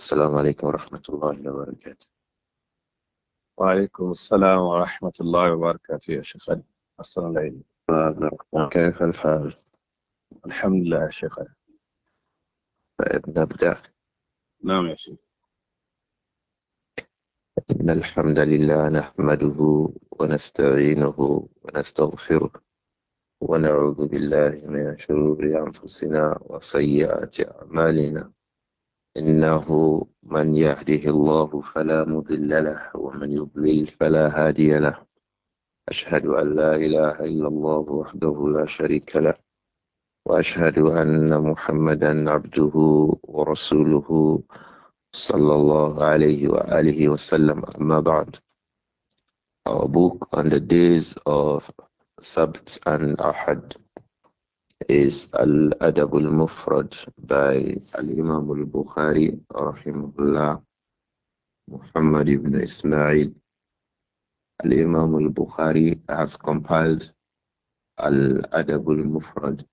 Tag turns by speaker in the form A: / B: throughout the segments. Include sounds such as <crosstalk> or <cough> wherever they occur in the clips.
A: السلام عليكم ورحمة الله وبركاته وعليكم السلام ورحمة الله وبركاته يا شيخ علي السلام عليكم كيف الحال؟ الحمد لله يا شيخ علي نبدأ نعم يا شيخ إن الحمد لله نحمده ونستعينه ونستغفره ونعوذ بالله من شرور أنفسنا وسيئات أعمالنا إنه من يهده الله فلا مضل له ومن يضلل فلا هادي له أشهد أن لا إله إلا الله وحده لا شريك له وأشهد أن محمدا عبده ورسوله صلى الله عليه وآله وسلم أما بعد Our book on the days of Sabbath and Ahad is Al Adab al Mufrad by Al Imam al Bukhari, Rahimullah, Muhammad ibn Ismail. Al Imam al Bukhari has compiled Al Adab al Mufrad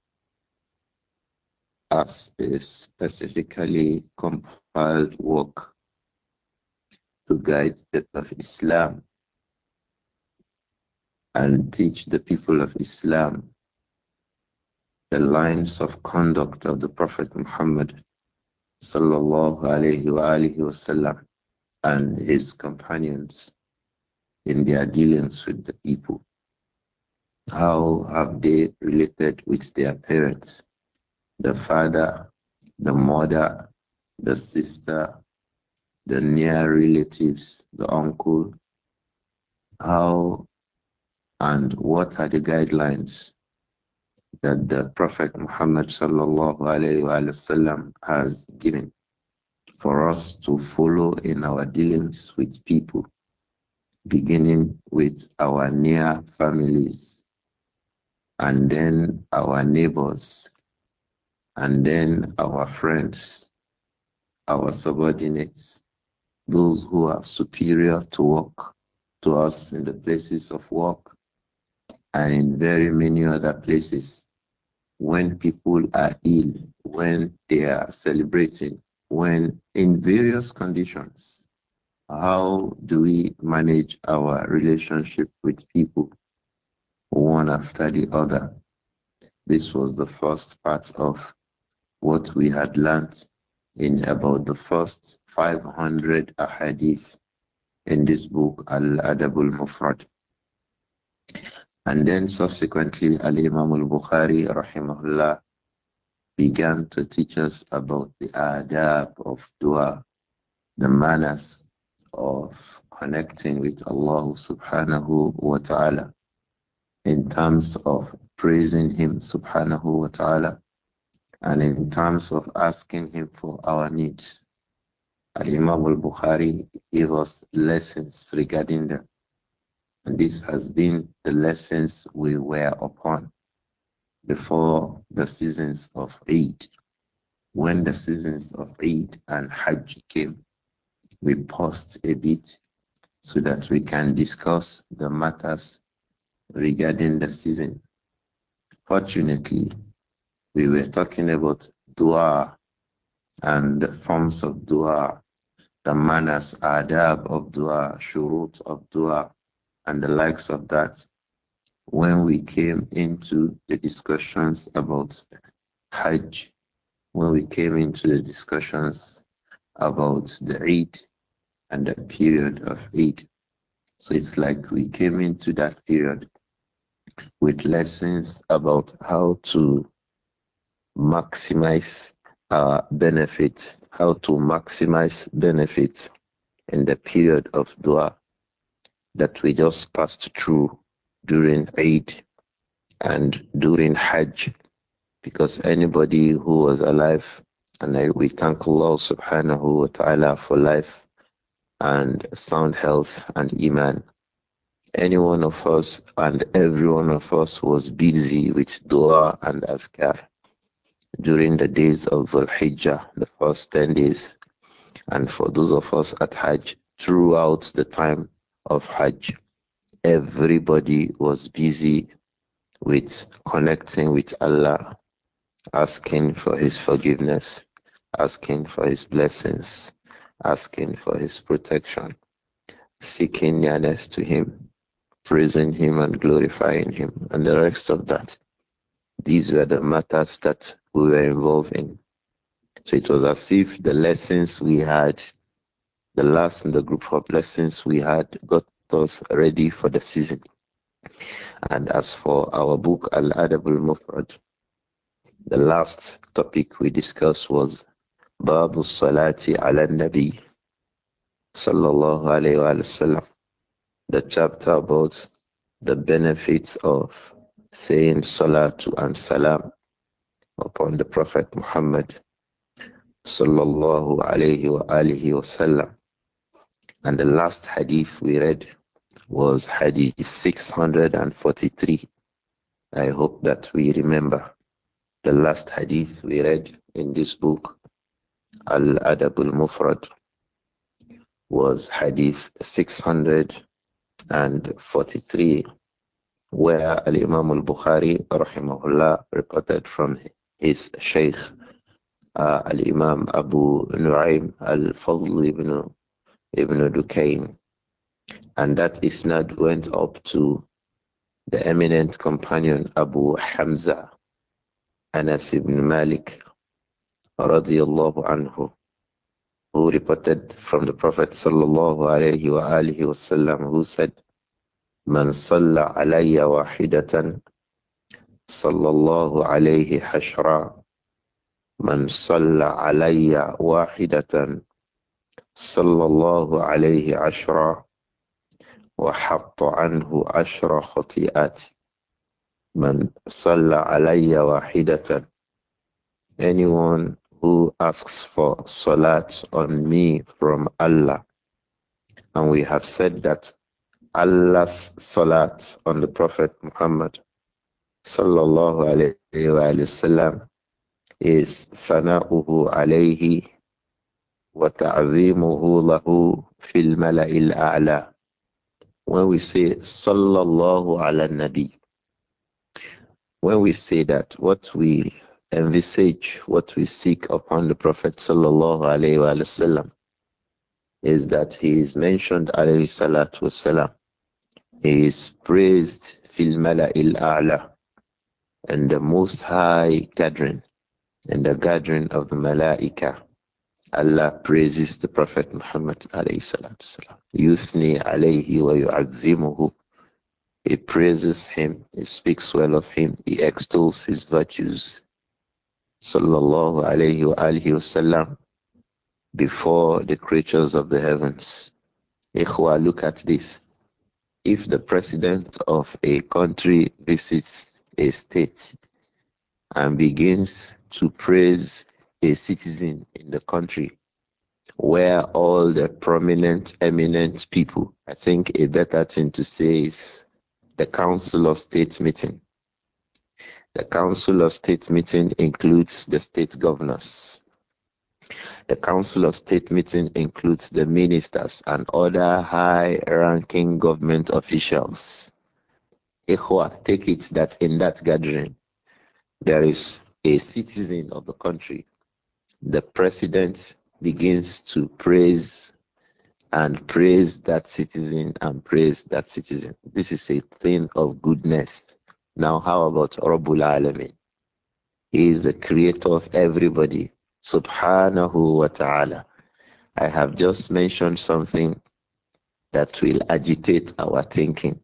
A: as a specifically compiled work to guide the people of Islam and teach the people of Islam the lines of conduct of the Prophet Muhammad sallallahu alayhi wa alihi wasallam and his companions in their dealings with the people. How have they related with their parents, the father, the mother, the sister, the near relatives, the uncle? How and what are the guidelines that the Prophet Muhammad has given for us to follow in our dealings with people, beginning with our near families, and then our neighbors, and then our friends, our subordinates, those who are superior to work to us in the places of work, and in very many other places. When people are ill, when they are celebrating, when in various conditions, how do we manage our relationship with people one after the other? This was the first part of what we had learnt in about the first 500 ahadith in this book, Al Adabul Mufrad. And then subsequently, Ali Imam al Bukhari, rahimahullah, began to teach us about the adab of dua, the manners of connecting with Allah subhanahu wa ta'ala in terms of praising Him subhanahu wa ta'ala and in terms of asking Him for our needs. Al Imam al Bukhari gave us lessons regarding them. And this has been the lessons we were upon before the seasons of Eid. When the seasons of Eid and Hajj came, we paused a bit so that we can discuss the matters regarding the season. Fortunately, we were talking about dua and the forms of dua, the manners, adab of dua, shurut of dua, and the likes of that when we came into the discussions about Hajj, when we came into the discussions about the Eid and the period of Eid. So it's like we came into that period with lessons about how to maximize our benefit, how to maximize benefit in the period of dua, that we just passed through during Eid and during Hajj, because anybody who was alive, and I, we thank Allah subhanahu wa ta'ala for life and sound health and Iman. Any one of us and every one of us was busy with dua and askar during the days of Dhul Hijjah, the first 10 days, and for those of us at Hajj throughout the time of Hajj. Everybody was busy with connecting with Allah, asking for His forgiveness, asking for His blessings, asking for His protection, seeking nearness to Him, praising Him and glorifying Him, and the rest of that. These were the matters that we were involved in. So it was as if the lessons we had the last in the group of lessons we had got us ready for the season. And as for our book, Al Adabul Mufrad, the last topic we discussed was Babu Salati ala Nabi, sallallahu alayhi wa sallam, the chapter about the benefits of saying Salatu and Salam upon the Prophet Muhammad, sallallahu alayhi wa alihi wa sallam. And the last hadith we read was hadith 643. I hope that we remember the last hadith we read in this book, Al Adab al Mufrad, was hadith 643, where Al Imam al Bukhari rahimahullah, reported from his Shaykh, uh, Al Imam Abu Nu'aym al Fadl ibn Ibn Dukayn. And that isnad went up to the eminent companion Abu Hamza, Anas ibn Malik, radiallahu anhu, who reported from the Prophet sallallahu alayhi wa alihi wasallam, who said, من صلى علي واحدة صلى الله عليه حشرا من صلى علي واحدة صلى الله عليه عشرة وحط عنه عشر خطيئات من صلى علي واحدة anyone who asks for salat on me from Allah and we have said that Allah's salat on the Prophet Muhammad sallallahu alayhi wa وسلم is sana'uhu alayhi وتعظيمه له في الملأ الأعلى when we say sallallahu ala nabi when we say that what we envisage what we seek upon the prophet sallallahu alaihi wasallam is that he is mentioned alayhi salatu wasalam he is praised fil mala'il a'la and the most high gathering and the gathering of the malaika Allah praises the Prophet Muhammad alayhi salatu salam. Yusni alayhi wa yu'adzimuhu. He praises him, he speaks well of him, he extols his virtues. Sallallahu alayhi wa alihi before the creatures of the heavens. Ikhwa, look at this. If the president of a country visits a state and begins to praise a citizen in the country where all the prominent, eminent people, I think a better thing to say is the Council of State meeting. The Council of State meeting includes the state governors. The Council of State meeting includes the ministers and other high ranking government officials. Ikhwa, take it that in that gathering, there is a citizen of the country the president begins to praise and praise that citizen and praise that citizen. This is a thing of goodness. Now, how about Rabbul Alameen? He is the creator of everybody. Subhanahu wa ta'ala. I have just mentioned something that will agitate our thinking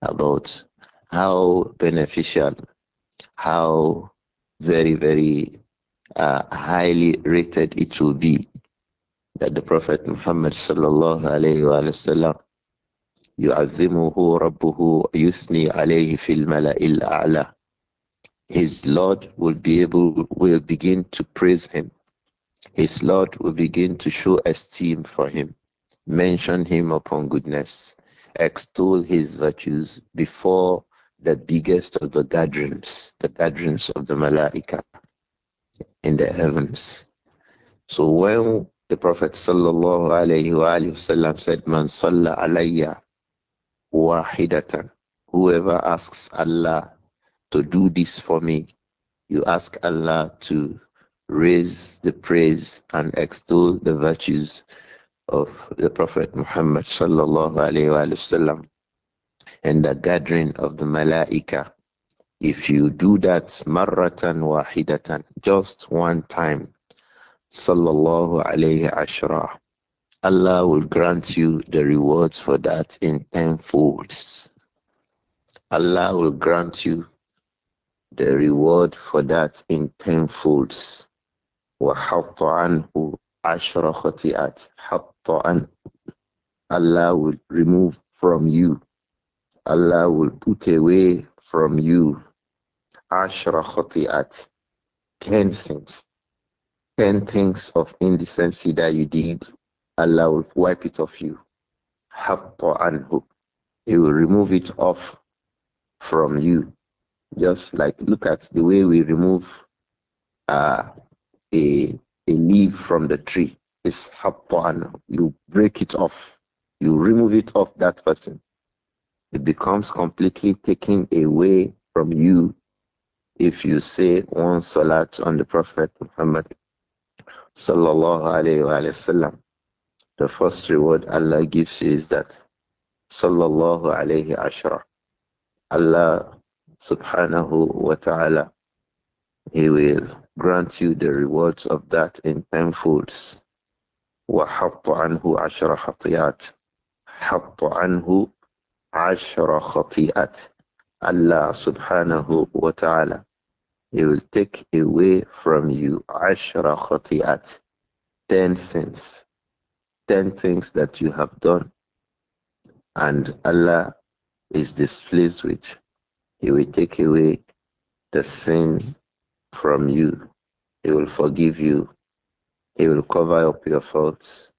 A: about how beneficial, how very, very uh, highly rated it will be that the Prophet Muhammad sallallahu alayhi wa sallam يعظمه ربه يثني عليه في الملأ الأعلى His Lord will be able will begin to praise him. His Lord will begin to show esteem for him, mention him upon goodness, extol his virtues before the biggest of the gatherings, the gatherings of the Malaika in the heavens. So when the Prophet sallallahu alayhi wa sallam said, Man salla alayya wahidatan, whoever asks Allah to do this for me, you ask Allah to raise the praise and extol the virtues of the Prophet Muhammad sallallahu alayhi wa sallam and the gathering of the malaika if you do that marratan wahidatan, just one time, sallallahu alayhi ashra, Allah will grant you the rewards for that in tenfold. Allah will grant you the reward for that in tenfold. وَحَطَّ عَنْهُ عَشْرَ Allah will remove from you. Allah will put away from you Ashra Khati'at, 10 things, 10 things of indecency that you did, Allah will wipe it off you. Hatta anhu. He will remove it off from you. Just like look at the way we remove uh, a, a leaf from the tree. It's hatta anhu. You break it off. You remove it off that person. It becomes completely taken away from you if you say one salat on the Prophet Muhammad sallallahu alayhi wa sallam, the first reward Allah gives you is that sallallahu alayhi ashra. Allah subhanahu wa ta'ala, He will grant you the rewards of that in tenfolds. وحط عنه عشر خطيئات حط عنه عشر خطيئات Allah subhanahu wa ta'ala he will take away from you ashra khati'at, ten sins, ten things that you have done, and Allah is displeased with. He will take away the sin from you. He will forgive you. He will cover up your faults,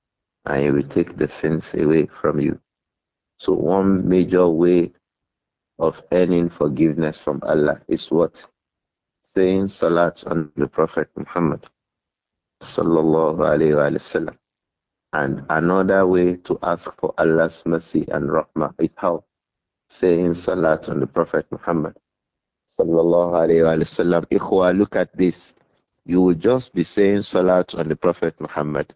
A: and He will take the sins away from you. So one major way of earning forgiveness from Allah is what? saying salat on the Prophet Muhammad sallallahu alayhi wa sallam. And another way to ask for Allah's mercy and rahmah is how? Saying salat on the Prophet Muhammad sallallahu alayhi wa sallam. Ikhwa, look at this. You will just be saying salat on the Prophet Muhammad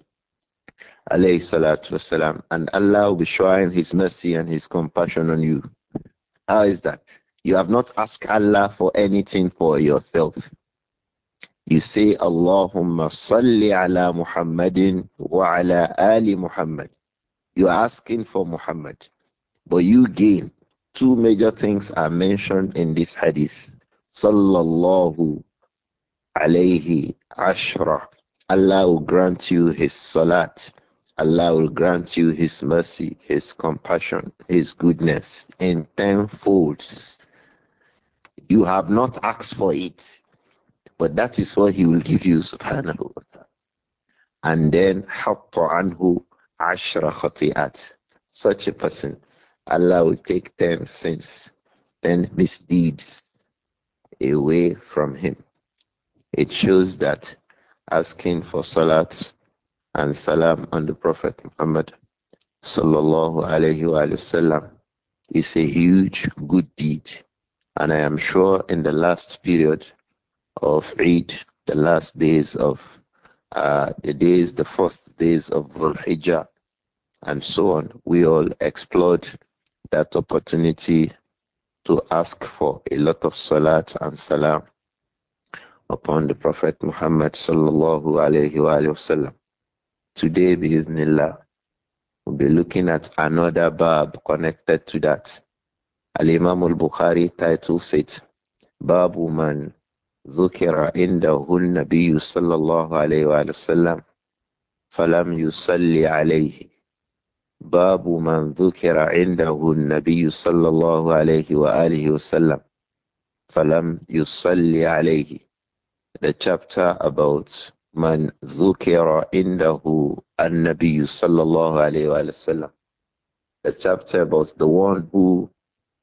A: alayhi salatu wasalam, and Allah will be showing His mercy and His compassion on you. How is that? You have not asked Allah for anything for yourself. You say, Allahumma salli ala Muhammadin wa ala ali Muhammad. You are asking for Muhammad, but you gain. Two major things are mentioned in this hadith. Sallallahu alayhi ashra. Allah will grant you His salat. Allah will grant you His mercy, His compassion, His goodness in tenfolds. You have not asked for it. But that is what he will give you, subhanahu wa ta'ala. And then hatta anhu ashra khati'at. Such a person, Allah will take ten sins, ten misdeeds away from him. It shows that asking for salat and salam on the Prophet Muhammad sallallahu alayhi wa sallam is a huge good deed and I am sure in the last period of Eid, the last days of uh, the days, the first days of Dhul Hijjah, and so on, we all explored that opportunity to ask for a lot of salat and salam upon the Prophet Muhammad sallallahu alayhi wa sallam. Today, bi'idhnillah, we'll be looking at another bab connected to that. الإمام البخاري al Bukhari titles it ذكر عنده النبي صلى الله عليه وآله وسلم فلم يصلي عليه باب من ذكر عنده النبي صلى الله عليه وآله وسلم فلم يصلي عليه the chapter about من ذكر عنده النبي صلى الله عليه وآله وسلم the chapter about the one who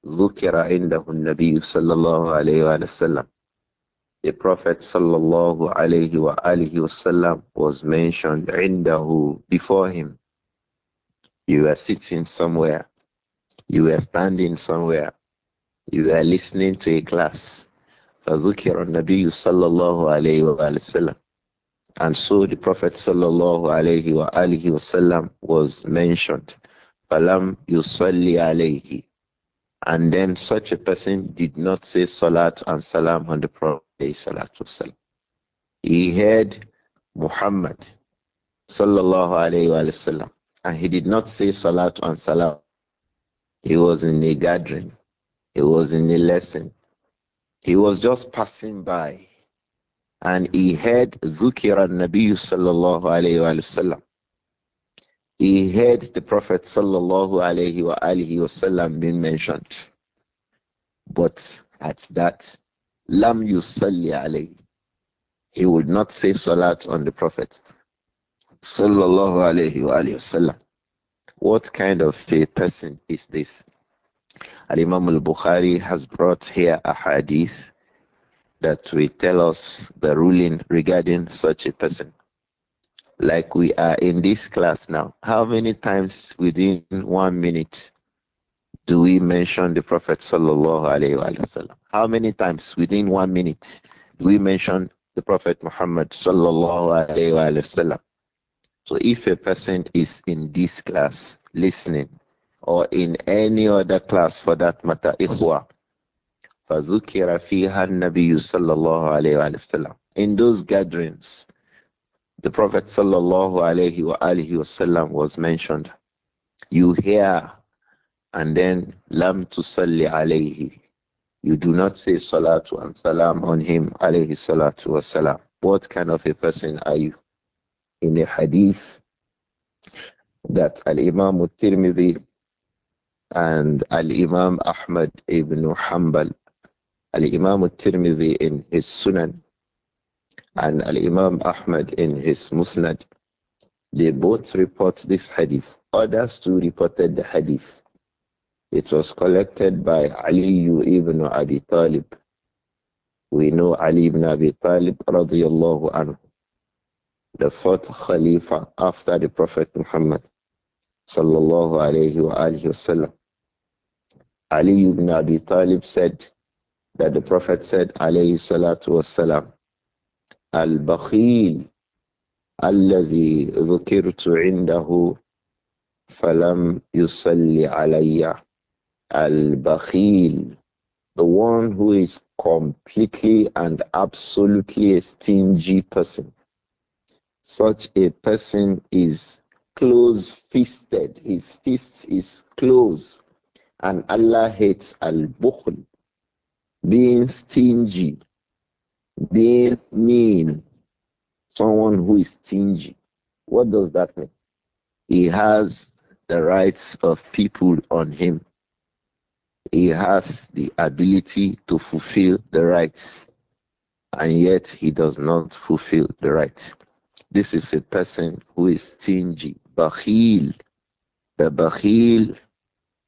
A: ذكر عنده النبي صلى الله عليه وسلم the Prophet sallallahu alayhi wa alihi wasallam was mentioned indahu before him. You were sitting somewhere, you were standing somewhere, you were listening to a class. فذكر النبي صلى الله عليه وآله وسلم. And so the Prophet sallallahu alayhi wa wasallam was mentioned. فلم يصلي عليه. And then such a person did not say salat and salam on the Prophet. He heard Muhammad sallallahu alayhi wa sallam and he did not say salat and salam. He was in a gathering. He was in a lesson. He was just passing by and he heard Zukira Nabi sallallahu alayhi wa sallam he heard the Prophet sallallahu alaihi wa alihi wasallam being mentioned. But at that, lam yusalli alayhi. He would not say salat on the Prophet sallallahu alaihi wa alihi wasallam. What kind of a person is this? Al Imam al Bukhari has brought here a hadith that will tell us the ruling regarding such a person like we are in this class now, how many times within one minute do we mention the Prophet sallallahu alaihi wasallam? How many times within one minute do we mention the Prophet Muhammad sallallahu alaihi wasallam? So if a person is in this class listening, or in any other class for that matter, ikhwa, فذكر فيها النبي صلى الله عليه وسلم. In those gatherings, the Prophet sallallahu alaihi wa wasallam was mentioned. You hear and then lam tusalli alayhi. You do not say salatu and salam on him alayhi salatu wasalam. What kind of a person are you? In a hadith that Al-Imam tirmidhi and Al-Imam Ahmad ibn Hanbal, Al-Imam tirmidhi in his Sunan, and Al Imam Ahmad in his Musnad, they both report this hadith. Others too reported the hadith. It was collected by Ali ibn Abi Talib. We know Ali ibn Abi Talib radiallahu anhu, the fourth Khalifa after the Prophet Muhammad sallallahu alayhi wa alihi wasallam. Ali ibn Abi Talib said that the Prophet said alayhi salatu wasalam, البخيل الذي ذكرت عنده فلم يصلي علي البخيل the one who is completely and absolutely a stingy person such a person is close fisted his fist is closed and Allah hates al-bukhl being stingy they mean someone who is stingy. What does that mean? He has the rights of people on him. He has the ability to fulfill the rights, and yet he does not fulfill the right. This is a person who is stingy, Bahil, The bahil.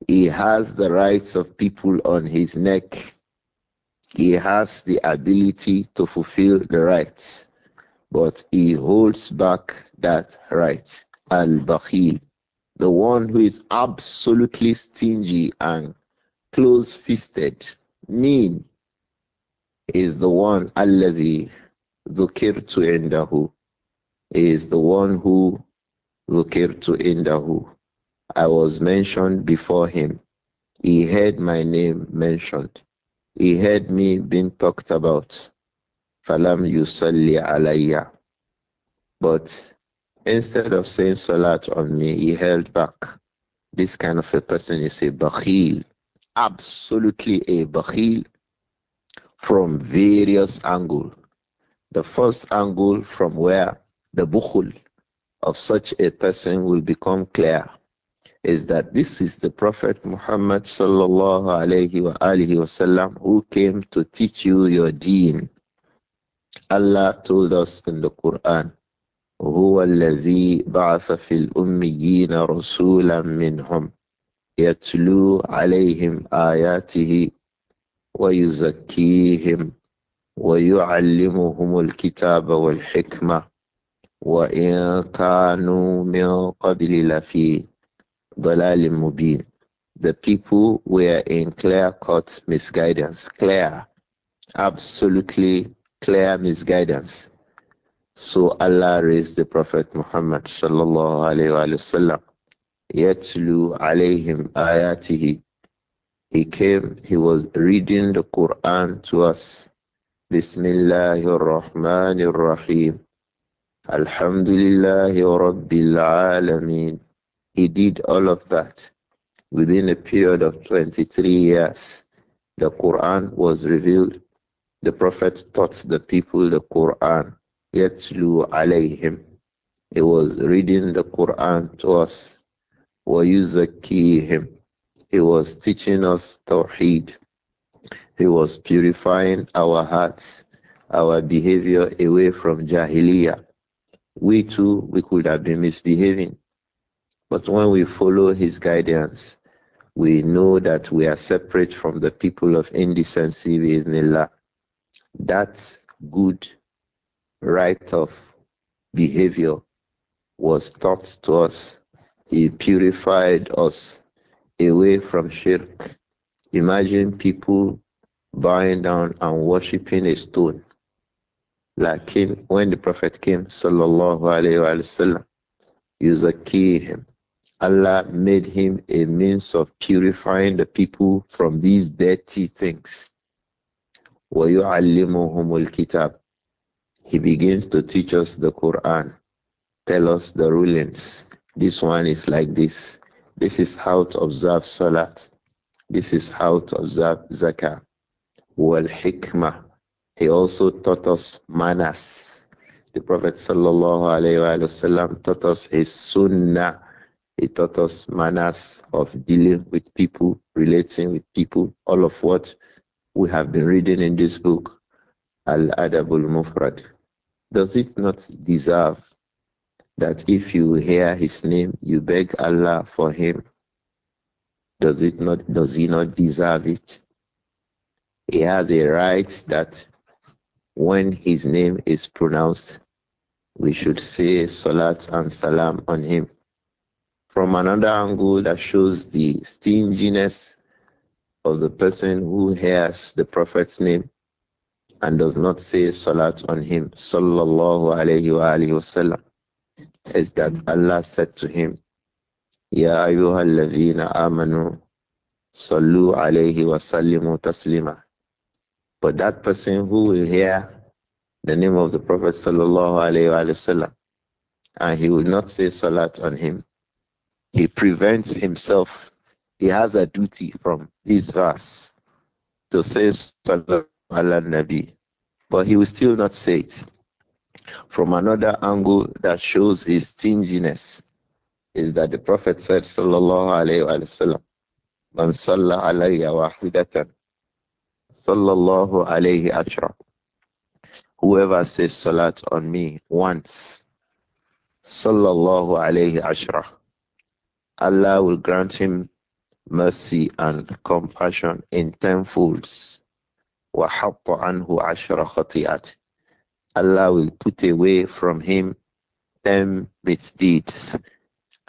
A: he has the rights of people on his neck. He has the ability to fulfill the rights, but he holds back that right. Al Bakhil, the one who is absolutely stingy and close fisted, mean, is the one Alladhi Dhukirtu Indahu, is the one who Dhukirtu Indahu. I was mentioned before him. He heard my name mentioned. He heard me being talked about. Falam yusalli alayya. But instead of saying salat on me, he held back. This kind of a person is a bakhil, absolutely a bakhil from various angles. The first angle from where the bukhul of such a person will become clear is that this is the Prophet Muhammad sallallahu alayhi wa alihi wasallam who came to teach you your deen. Allah told us in the Quran, هو الذي بعث في الأميين رسولا منهم يتلو عليهم آياته ويزكيهم ويعلمهم الكتاب والحكمة وإن كانوا من قبل لفي ضلال مبين the people were in clear-cut misguidance, clear, absolutely clear misguidance. So Allah raised the Prophet Muhammad sallallahu alayhi wa sallam, yatlu alayhim ayatihi. He came, he was reading the Quran to us. Bismillahir Rahmanir Rahim. Alhamdulillahi Rabbil Alameen. He did all of that within a period of 23 years. The Quran was revealed. The Prophet taught the people the Quran. Yatlu alayhim. He was reading the Quran to us. him. He was teaching us Tawheed. He was purifying our hearts, our behavior away from Jahiliyyah. We too, we could have been misbehaving. But when we follow his guidance, we know that we are separate from the people of indecency with That good right of behavior was taught to us. He purified us away from shirk. Imagine people bowing down and worshipping a stone. Like him, when the Prophet came, sallallahu alayhi wa sallam, Yuzaki him. Allah made him a means of purifying the people from these dirty things. وَيُعَلِّمُهُمُ He begins to teach us the Quran, tell us the rulings. This one is like this. This is how to observe Salat. This is how to observe Zakah. Hikmah. He also taught us manas. The Prophet ﷺ taught us his sunnah he taught us manners of dealing with people, relating with people, all of what we have been reading in this book, Al Adabul Mufrad. Does it not deserve that if you hear his name, you beg Allah for him? Does it not does he not deserve it? He has a right that when his name is pronounced, we should say salat and salam on him from another angle that shows the stinginess of the person who hears the Prophet's name and does not say salat on him, sallallahu alayhi wa sallam. wasallam, is that Allah said to him, Ya ayyuhalladhina amanu, sallu alayhi wa sallimu taslima. But that person who will hear the name of the Prophet sallallahu alayhi wa sallam, and he will not say salat on him, he prevents himself, he has a duty from this verse to say al Nabi, but he will still not say it. From another angle that shows his stinginess is that the Prophet said Sallallahu Alaihi Wasallam, Man Salla Alayya Wahidatan, Sallallahu Alaihi Ashra. Whoever says Salat on me once, Sallallahu Alaihi Ashra. Allah will grant him mercy and compassion in tenfold. Allah will put away from him ten misdeeds.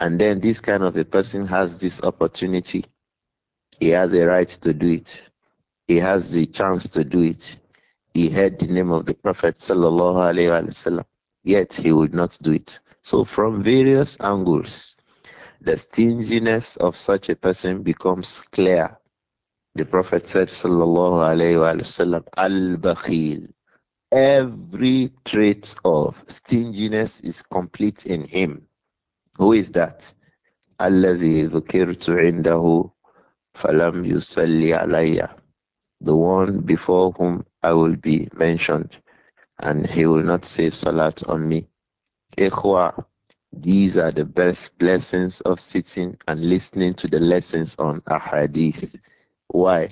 A: And then this kind of a person has this opportunity. He has a right to do it. He has the chance to do it. He heard the name of the Prophet sallallahu alaihi wasallam, yet he would not do it. So from various angles, the stinginess of such a person becomes clear. The Prophet said, Sallallahu Alaihi Wasallam, Al Bakhil. Every trait of stinginess is complete in him. Who is that? الذي ذكرت عنده falam يصلي علي the one before whom I will be mentioned and he will not say salat on me. Ikhwa, these are the best blessings of sitting and listening to the lessons on ahadith. Why?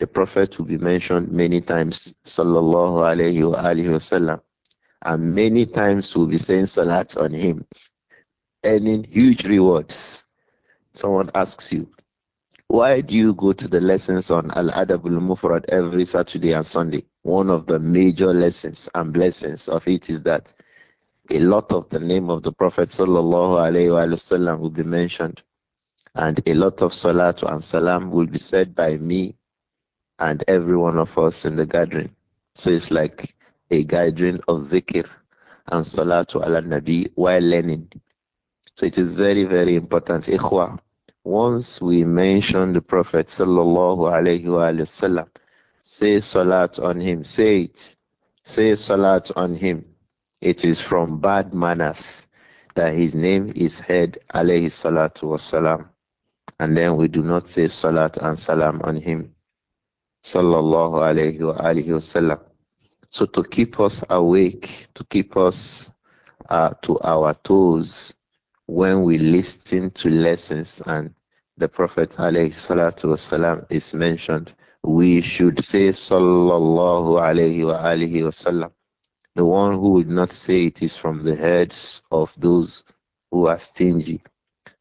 A: The Prophet will be mentioned many times, sallallahu alayhi wa alayhi and many times we'll be saying salat on him, earning huge rewards. Someone asks you, why do you go to the lessons on Al Adabul Mufrad every Saturday and Sunday? One of the major lessons and blessings of it is that a lot of the name of the Prophet وسلم, will be mentioned, and a lot of salatu and salam will be said by me and every one of us in the gathering. So it's like a gathering of zikr and salatu ala nabi while learning. So it is very, very important. Ikhwa, once we mention the Prophet sallallahu alayhi wa sallam, say salat on him, say it, say salat on him. It is from bad manners that his name is heard alayhi salatu wasalam. And then we do not say salat and salam on him. Sallallahu alayhi wa alihi wasallam. So to keep us awake, to keep us uh, to our toes when we listen to lessons and the Prophet alayhi salatu wasalam is mentioned, we should say sallallahu alayhi wa alihi wasallam the one who will not say it is from the heads of those who are stingy.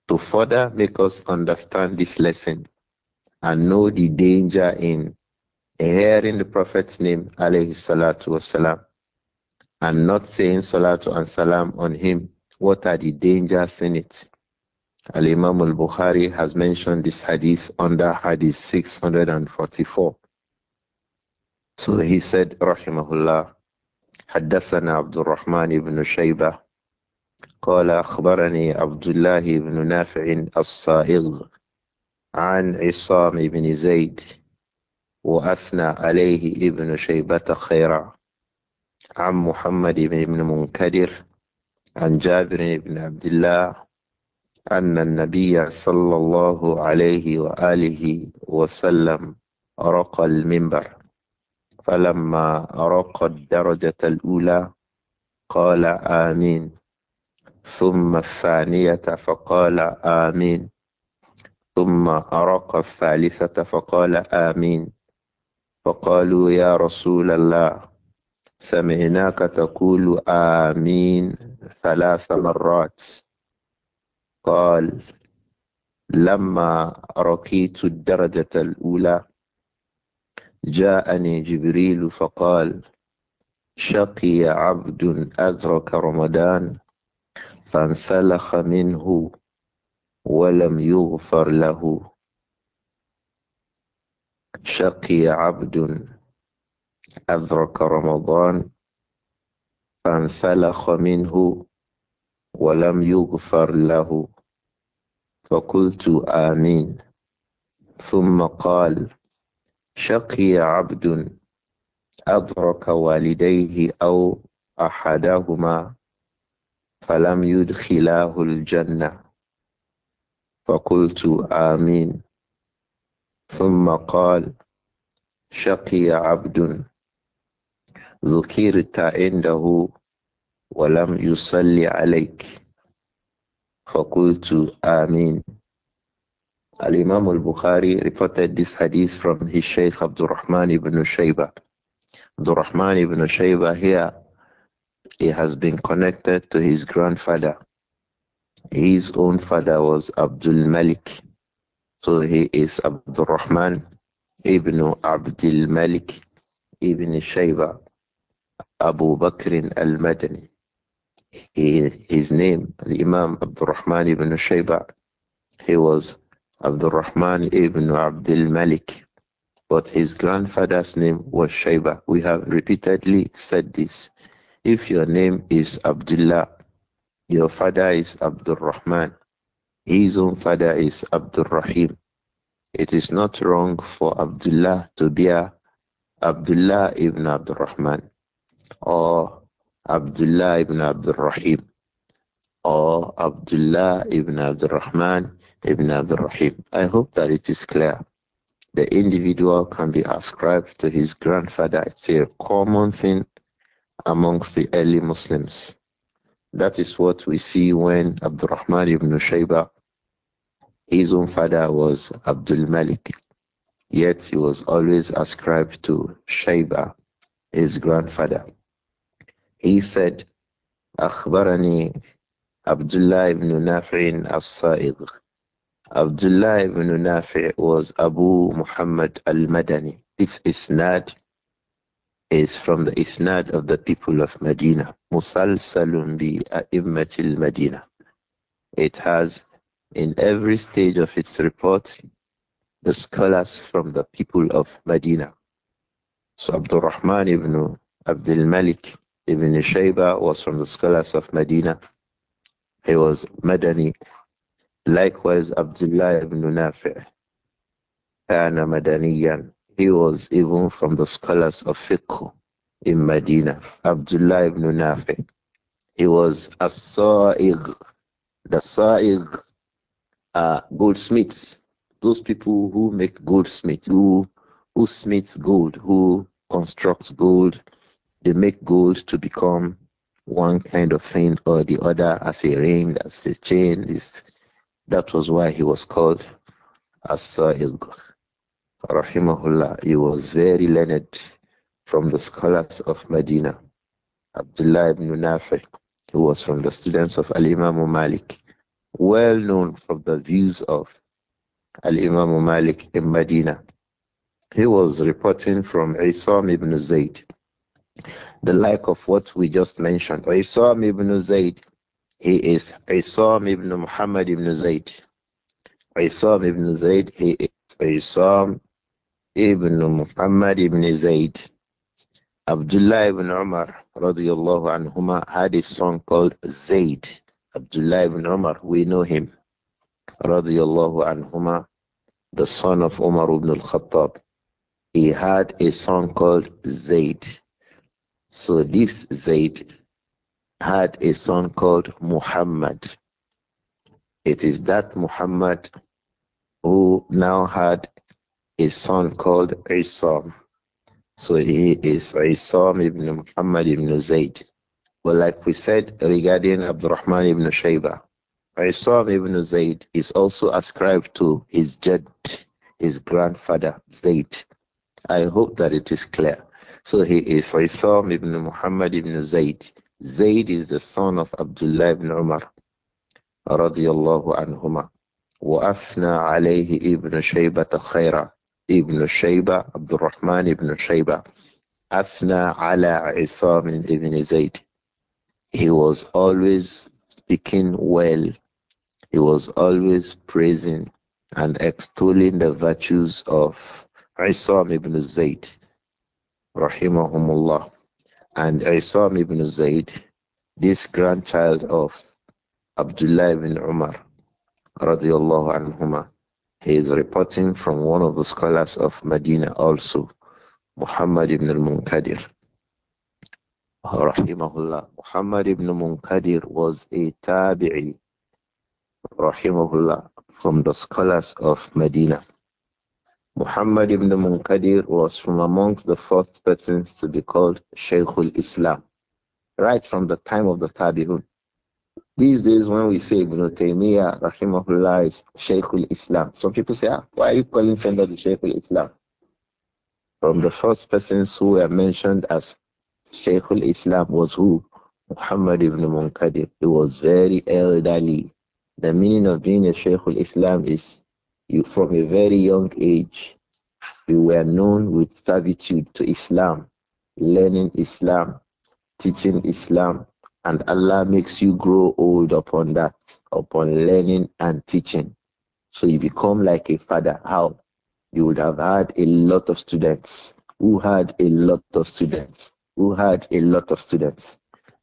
A: To further make us understand this lesson and know the danger in hearing the Prophet's name, alayhi salatu wasalam, and not saying salatu and salam on him, what are the dangers in it? Al Imam al Bukhari has mentioned this hadith under hadith 644. So he said, Rahimahullah, حدثنا عبد الرحمن بن شيبة قال أخبرني عبد الله بن نافع الصائغ عن عصام بن زيد وأثنى عليه ابن شيبة خيرا عن محمد بن منكدر عن جابر بن عبد الله أن النبي صلى الله عليه وآله وسلم رقى المنبر فلما أراق الدرجة الأولى قال آمين ثم الثانية فقال آمين ثم أراق الثالثة فقال آمين فقالوا يا رسول الله سمعناك تقول آمين ثلاث مرات قال لما رقيت الدرجة الأولى جاءني جبريل فقال شقي عبد أدرك رمضان فانسلخ منه ولم يغفر له شقي عبد أدرك رمضان فانسلخ منه ولم يغفر له فقلت آمين ثم قال شقي عبد أدرك والديه أو أحدهما فلم يدخلاه الجنة فقلت آمين ثم قال شقي عبد ذكرت عنده ولم يصلي عليك فقلت آمين Al Imam al Bukhari reported this hadith from his Shaykh Abdul Rahman ibn Shayba. Abdul Rahman ibn Shayba here, he has been connected to his grandfather. His own father was Abdul Malik. So he is Abdul Rahman ibn Abdul Malik ibn Shayba Abu Bakr al Madani. his name, the Imam Abdul Rahman ibn Shayba, he was Abdul Rahman ibn Abdul Malik. But his grandfather's name was Shaiba. We have repeatedly said this. If your name is Abdullah, your father is Abdul Rahman, his own father is Abdul Rahim. It is not wrong for Abdullah to be Abdullah ibn Abdul Rahman or Abdullah ibn Abdul Rahim or Abdullah ibn Abdul Rahman Ibn Abdul Rahim. I hope that it is clear. The individual can be ascribed to his grandfather. It's a common thing amongst the early Muslims. That is what we see when Rahman ibn Shayba, his own father was Abdul Malik, yet he was always ascribed to Shayba, his grandfather. He said, أخبرني Abdullah ibn Naf'in as-Sa'id Abdullah ibn Nafi was Abu Muhammad al-Madani. This isnad is from the isnad of the people of Medina. Musalsalun bi a'immatil Medina. It has in every stage of its report the scholars from the people of Medina. So Abdul Rahman ibn Abdul Malik ibn Shayba was from the scholars of Medina. He was Madani Likewise, Abdullah ibn Nafi' kana madaniyan. He was even from the scholars of fiqh in Medina. Abdullah ibn Nafi. He was a sa'ig. The sa'ig are goldsmiths. Those people who make goldsmith, who who smiths gold, who constructs gold. They make gold to become one kind of thing or the other as a ring, as a chain, is that was why he was called as Sahil. Rahimahullah. He was very learned from the scholars of Medina. Abdullah ibn Nafi, who was from the students of Al-Imam Malik, well known from the views of Al-Imam Malik in Medina. He was reporting from Isam ibn Zayd, the like of what we just mentioned. Isam ibn Zayd he is Isam ibn Muhammad ibn Zayd. Isam ibn Zayd, he is Isam ibn Muhammad ibn Zayd. Abdullah ibn Umar radiallahu anhuma had a son called Zayd. Abdullah ibn Umar, we know him radiallahu anhuma, the son of Umar ibn al-Khattab. He had a son called Zayd. So this Zayd had a son called Muhammad. It is that Muhammad who now had a son called Isam. So he is Isam ibn Muhammad ibn Zayd. But like we said regarding Abdurrahman ibn Shayba, Isam ibn Zayd is also ascribed to his jad, his grandfather Zayd. I hope that it is clear. So he is Isam ibn Muhammad ibn Zayd. Zayd is the son of Abdullah ibn Umar radiallahu anhuma. وأثنى عليه ابن شيبة خيرا ابن شيبة عبد الرحمن ابن شيبة أثنى على عصام ابن زيد he was always speaking well he was always praising and extolling the virtues of عِصَامِ إِبْنِ زَيْدٍ Zayd اللَّهُ. And Isam ibn Zayd, this grandchild of Abdullah ibn Umar, radiallahu anhuma, he is reporting from one of the scholars of Medina also, Muhammad ibn al-Munkadir. Rahimahullah. Muhammad ibn Munkadir was a tabi'i, rahimahullah, from the scholars of Medina. Muhammad ibn Munkadir was from amongst the first persons to be called Shaykhul Islam, right from the time of the Tabi'un. These days, when we say Ibn Taymiyyah, Rahimahullah, is Shaykhul Islam, some people say, ah, why are you calling somebody Shaykhul Islam? From the first persons who were mentioned as Shaykhul Islam was who? Muhammad ibn Munkadir. He was very elderly. The meaning of being a Shaykhul Islam is you from a very young age you were known with servitude to Islam, learning Islam, teaching Islam, and Allah makes you grow old upon that, upon learning and teaching. So you become like a father. How? You would have had a lot of students who had a lot of students who had a lot of students.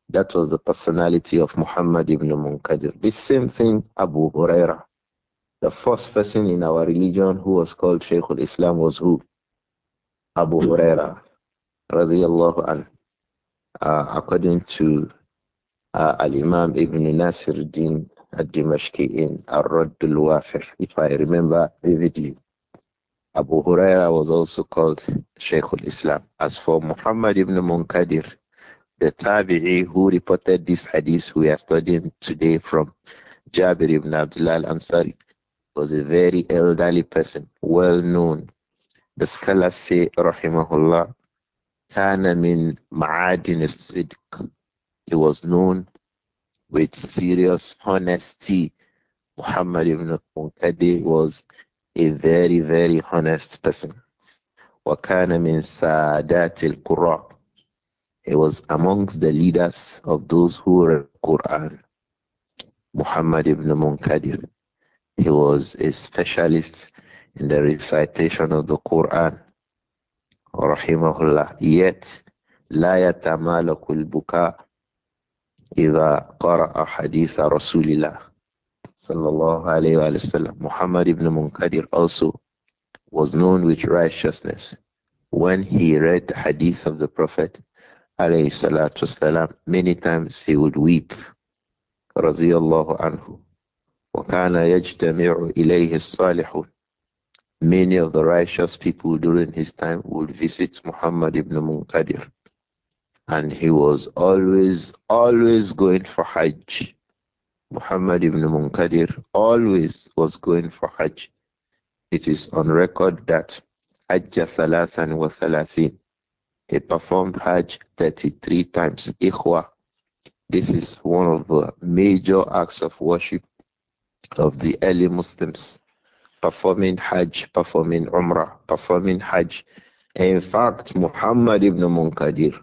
A: That was the personality of Muhammad ibn Munkadir. The same thing Abu Huraira the first person in our religion who was called Shaykh al-Islam was who? Abu Huraira, radiallahu anhu. Uh, according to uh, Al-Imam Ibn Nasir al-Din al-Dimashqi in al radd al-Wafir, if I remember vividly. Abu Huraira was also called Shaykh al-Islam. As for Muhammad ibn Munkadir, the Tabi'i who reported this hadith we are studying today from Jabir ibn Abdullah al-Ansari, was a very elderly person, well known. The scholars say, Rahimahullah, Kana min ma'adin sidq. He was known with serious honesty. Muhammad ibn Muqaddi was a very, very honest person. وَكَانَ مِنْ سَادَاتِ الْقُرَى He was amongst the leaders of those who read Quran. Muhammad ibn Munkadir. He was a specialist in the recitation of the Quran. Rahimahullah. Yet, لا يتمالك البكاء إذا قرأ حديث رسول الله صلى الله عليه وسلم. Muhammad ibn Munkadir also was known with righteousness when he read the hadith of the Prophet عليه salatu many times he would weep. اللَّهُ عَنْهُ. وَكَانَ يَجْتَمِعُ إِلَيْهِ الصَّالِحُونَ Many of the righteous people during his time would visit Muhammad ibn Munkadir. And he was always, always going for Hajj. Muhammad ibn Munkadir always was going for Hajj. It is on record that Hajj Salasan was Salasin. He performed Hajj 33 times. Ikhwa. This is one of the major acts of worship of the early Muslims performing Hajj, performing Umrah, performing Hajj. In fact, Muhammad ibn Munkadir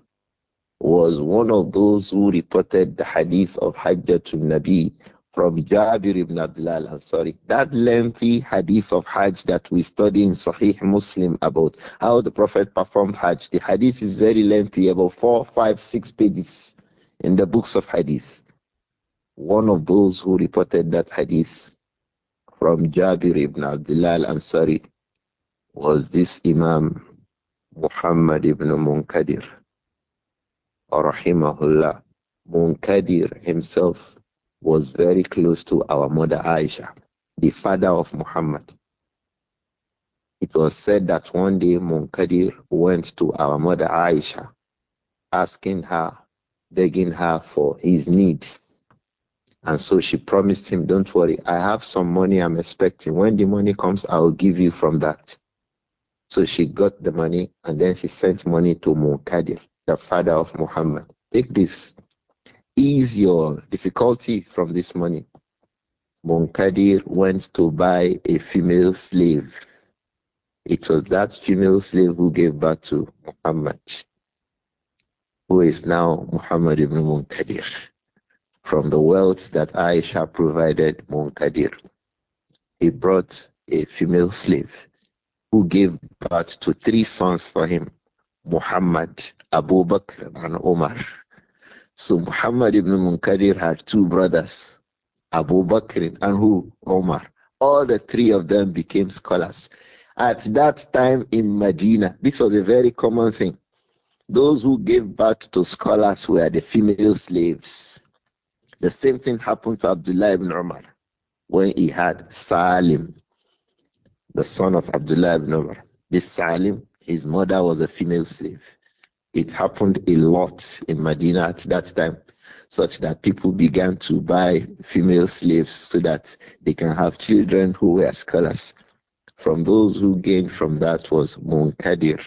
A: was one of those who reported the hadith of Hajjatul Nabi from Jabir ibn Abdullah Ansari. That lengthy hadith of Hajj that we study in Sahih Muslim about how the Prophet performed Hajj. The hadith is very lengthy, about four, five, six pages in the books of hadith. One of those who reported that hadith from Jabir ibn Abdullah al-Ansari was this Imam Muhammad ibn Munkadir rahimahullah. Munkadir himself was very close to our mother Aisha, the father of Muhammad. It was said that one day Munkadir went to our mother Aisha, asking her, begging her for his needs and so she promised him, Don't worry, I have some money I'm expecting. When the money comes, I'll give you from that. So she got the money and then she sent money to Muqaddim, the father of Muhammad. Take this. Ease your difficulty from this money. Munkadir went to buy a female slave. It was that female slave who gave birth to Muhammad, who is now Muhammad ibn Munkadir from the wealth that Aisha provided Munkadir. He brought a female slave who gave birth to three sons for him Muhammad, Abu Bakr, and Omar. So Muhammad ibn Munkadir had two brothers, Abu Bakr and who? Omar. All the three of them became scholars. At that time in Medina, this was a very common thing. Those who gave birth to scholars were the female slaves the same thing happened to Abdullah ibn Umar when he had Salim, the son of Abdullah ibn Umar. This Salim, his mother was a female slave. It happened a lot in Medina at that time, such that people began to buy female slaves so that they can have children who were scholars. From those who gained from that was Munkadir,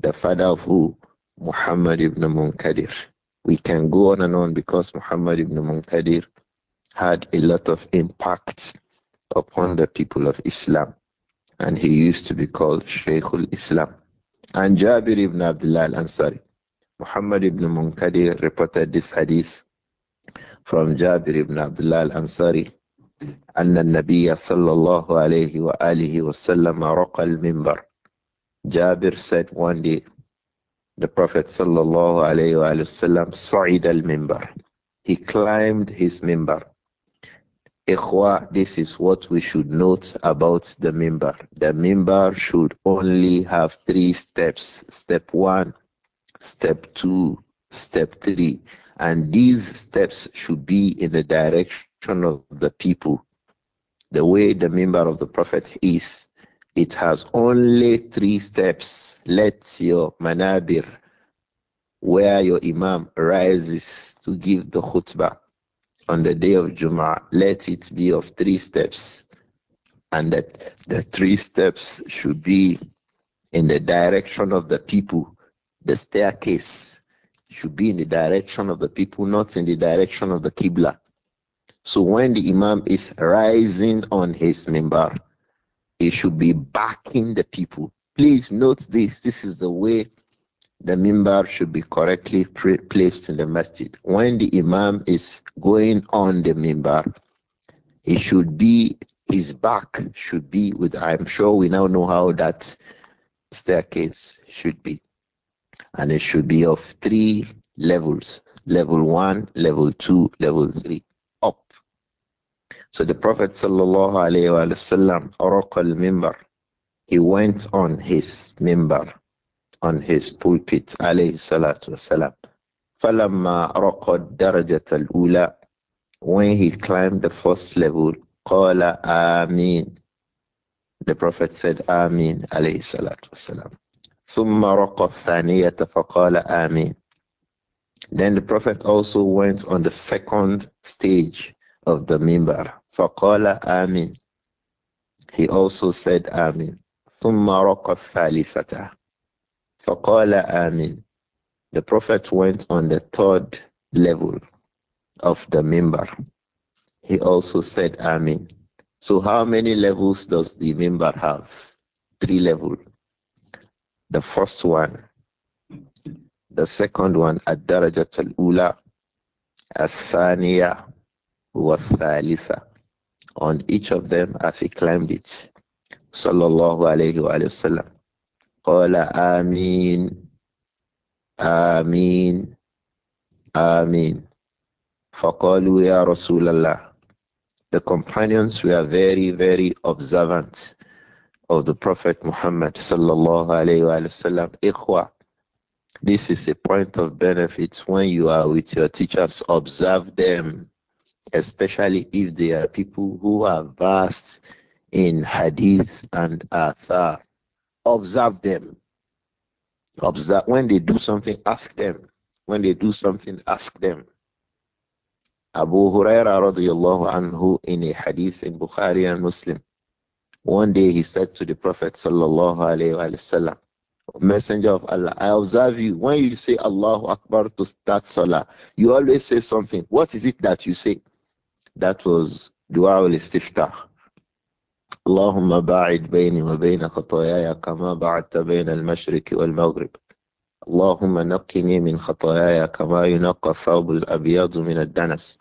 A: the father of who? Muhammad ibn Munkadir. We can go on and on because Muhammad ibn Munkadir had a lot of impact upon the people of Islam. And he used to be called Shaykhul Islam. And Jabir ibn Abdullah al Ansari, Muhammad ibn Munkadir reported this hadith from Jabir ibn Abdullah al Ansari. أن النبي صلى الله عليه وآله وسلم رقى المنبر Jabir said one day the Prophet sallallahu sa'id al-mimbar. He climbed his mimbar. Ikhwa, this is what we should note about the mimbar. The mimbar should only have three steps. Step one, step two, step three. And these steps should be in the direction of the people. The way the mimbar of the Prophet is, it has only three steps. Let your manabir, where your imam rises to give the khutbah on the day of Jum'ah, let it be of three steps. And that the three steps should be in the direction of the people. The staircase should be in the direction of the people, not in the direction of the Qibla. So when the Imam is rising on his mimbar, it should be backing the people. Please note this. This is the way the mimbar should be correctly placed in the masjid. When the imam is going on the mimbar, it should be his back should be with. I'm sure we now know how that staircase should be, and it should be of three levels: level one, level two, level three. So the Prophet وسلم, Oracle member, he went on his member, on his pulpit, alayhi salatu wasalam. فَلَمَّا رَقَدْ دَرَجَةَ الْأُولَى When he climbed the first level, قَالَ آمين The Prophet said, آمين, alayhi salatu wasalam. ثُمَّ رَقَ الثَّانِيَةَ فَقَالَ آمين Then the Prophet also went on the second stage of the mimbar. فَقَالَ آمِنْ He also said Amin. ثُمَّ رَقَ الثَّالِثَةَ فَقَالَ آمِنْ The Prophet went on the third level of the member. He also said Amin. So how many levels does the member have? Three levels. The first one, the second one, Ad-Darajat al-Ula, As-Saniya, wa on each of them as he climbed it. Sallallahu alayhi wa sallam. Qala ameen, ameen, ameen. Faqalu ya Rasulallah. The companions were very, very observant of the Prophet Muhammad sallallahu alayhi wa sallam. Ikhwa, this is a point of benefit when you are with your teachers. Observe them especially if they are people who are versed in hadith and athar. Observe them. Observe when they do something, ask them. When they do something, ask them. Abu Huraira radiallahu anhu in a hadith in Bukhari and Muslim. One day he said to the Prophet sallallahu alayhi wasallam, Messenger of Allah, I observe you when you say Allahu Akbar to start salah, you always say something. What is it that you say? That was dua al-istiftah. اللهم باعد بيني وبين خطاياي كما بعدت بين المشرق والمغرب اللهم نقني من خطاياي كما ينقى الثوب الأبيض من الدنس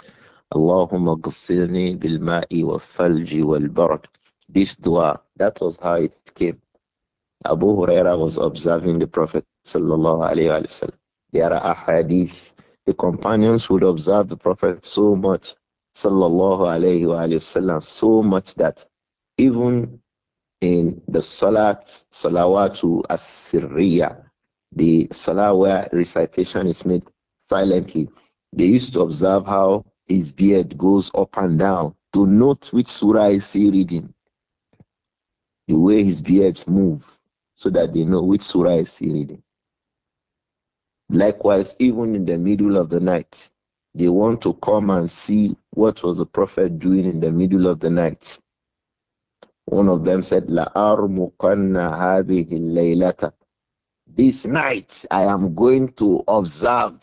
A: اللهم غسلني بالماء والثلج والبرد This dua, that was how it came. Abu Huraira was observing the Prophet sallallahu alayhi wasallam. There are ahadith. The companions would observe the Prophet so much sallallahu alayhi wa sallam so much that even in the salat, salawatu as-sirriya, the salah where recitation is made silently, they used to observe how his beard goes up and down to note which surah is he reading, the way his beard moves, so that they know which surah is he reading. Likewise, even in the middle of the night, they want to come and see what was the Prophet doing in the middle of the night. One of them said, La laylata. This night I am going to observe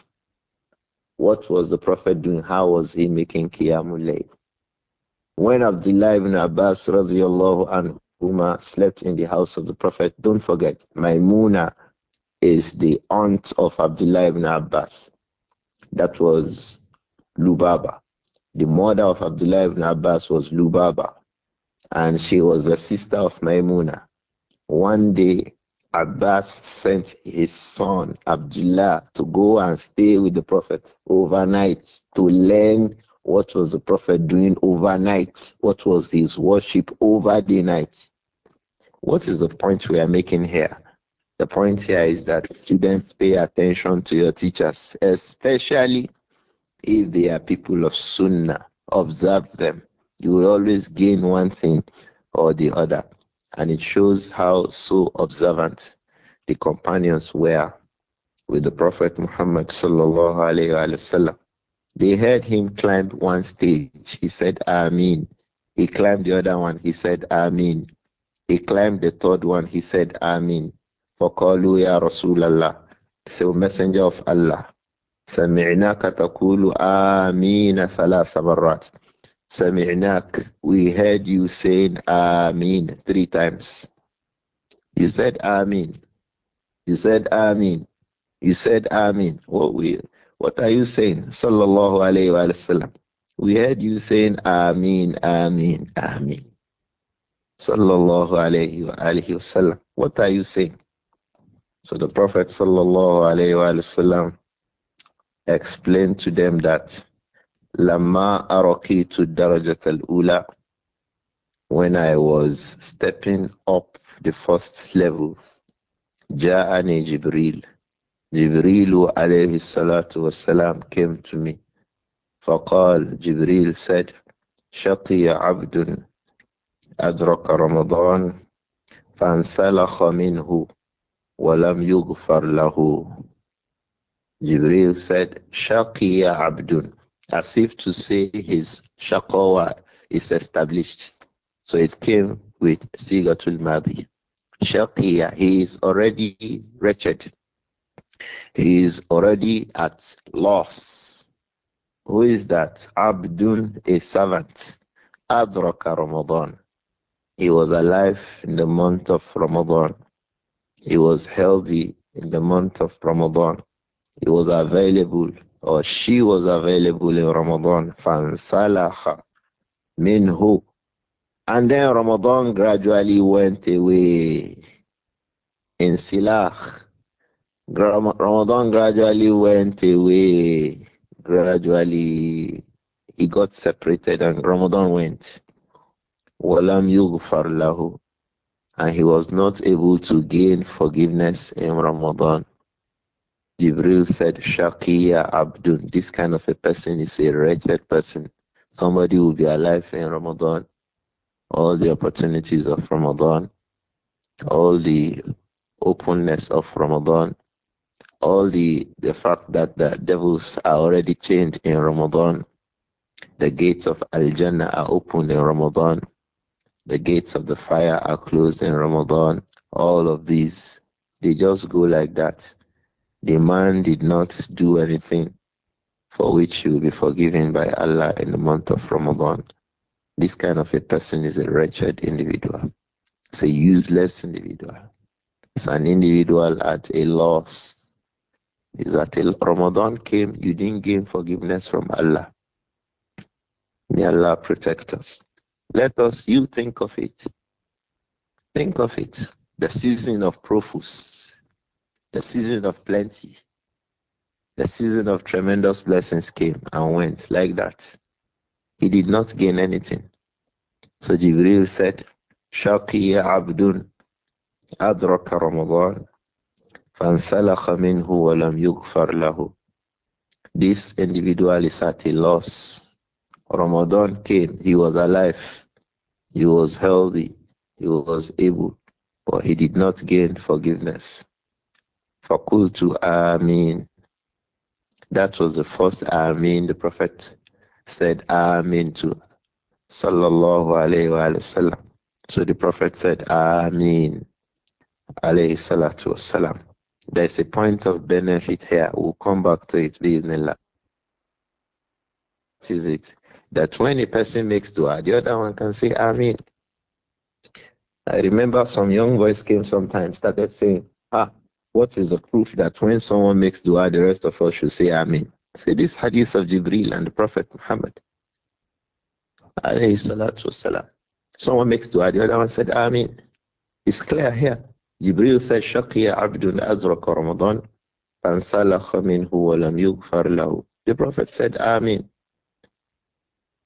A: what was the Prophet doing, how was he making Qiyamul When Abdullah ibn Abbas radiallahu and Uma slept in the house of the Prophet. Don't forget, Maimuna is the aunt of Abdullah ibn Abbas. That was Lubaba. The mother of Abdullah ibn Abbas was Lubaba, and she was the sister of Maimuna. One day, Abbas sent his son Abdullah to go and stay with the Prophet overnight to learn what was the Prophet doing overnight, what was his worship over the night. What is the point we are making here? The point here is that students pay attention to your teachers, especially if they are people of Sunnah, observe them. You will always gain one thing or the other. And it shows how so observant the companions were with the Prophet Muhammad sallallahu alayhi They heard him climb one stage. He said, "Amin." He climbed the other one. He said, "Amin." He climbed the third one. He said, "Amin." فَقَالُوا يَا رَسُولَ اللَّهِ So, Messenger of Allah, سمعناك تقول آمين ثلاث مرات سمعناك we heard you saying آمين three times you said آمين you said آمين you said آمين what we what are you saying صلى الله عليه وسلم we heard you saying آمين آمين آمين صلى الله عليه وآله وسلم what are you saying so the prophet صلى الله عليه وآله وسلم explained to them that Lama Araki to Darajat al Ula, when I was stepping up the first level, Ja'ani Jibril. Jibril alayhi salatu wasalam came to me. فقال Jibril said, شقي عبد أدرك رمضان فانسلخ منه ولم يغفر له Jibril said, Shaqiya Abdun, as if to say his shakawa is established. So it came with Sigatul Madi. Shaqiya, he is already wretched. He is already at loss. Who is that? Abdun, a servant. Adraka Ramadan. He was alive in the month of Ramadan. He was healthy in the month of Ramadan he was available or she was available in Ramadan. فَانْسَلَخَ مِنْهُ And then Ramadan gradually went away. In Silach, Ramadan gradually went away. Gradually, he got separated and Ramadan went. وَلَمْ يُغْفَرْ لَهُ And he was not able to gain forgiveness in Ramadan. Jibril said, Shakiya Abdun, this kind of a person is a wretched person. Somebody will be alive in Ramadan, all the opportunities of Ramadan, all the openness of Ramadan, all the, the fact that the devils are already chained in Ramadan, the gates of Al Jannah are opened in Ramadan, the gates of the fire are closed in Ramadan, all of these, they just go like that the man did not do anything for which he will be forgiven by Allah in the month of Ramadan. This kind of a person is a wretched individual. It's a useless individual. It's an individual at a loss. Is that Ramadan came, you didn't gain forgiveness from Allah. May Allah protect us. Let us, you think of it. Think of it. The season of Profus, the season of plenty, the season of tremendous blessings came and went like that. He did not gain anything. So Jibril said, Shaqiya Abdun Adraka Ramadan Fansalakha minhu walam yughfar lahu. This individual is at a loss. Ramadan came, he was alive, he was healthy, he was able, but he did not gain forgiveness. Fakultu Amin. That was the first Amin the Prophet said Amin to. Sallallahu alayhi wa sallam. So the Prophet said Amin. Alayhi salatu wasalam. There's a point of benefit here. We'll come back to it. Bismillah. What is it? That when a person makes dua, the other one can say Amin. I remember some young boys came sometimes, started saying, Ah, what is the proof that when someone makes dua, the rest of us should say Amin? Say this hadith of Jibril and the Prophet Muhammad. Someone makes dua, the other one said Amin. It's clear here. Jibril said, Shaqiya Abdun Adraka Ramadan, minhu wa lam yughfar lahu. The Prophet said Amin.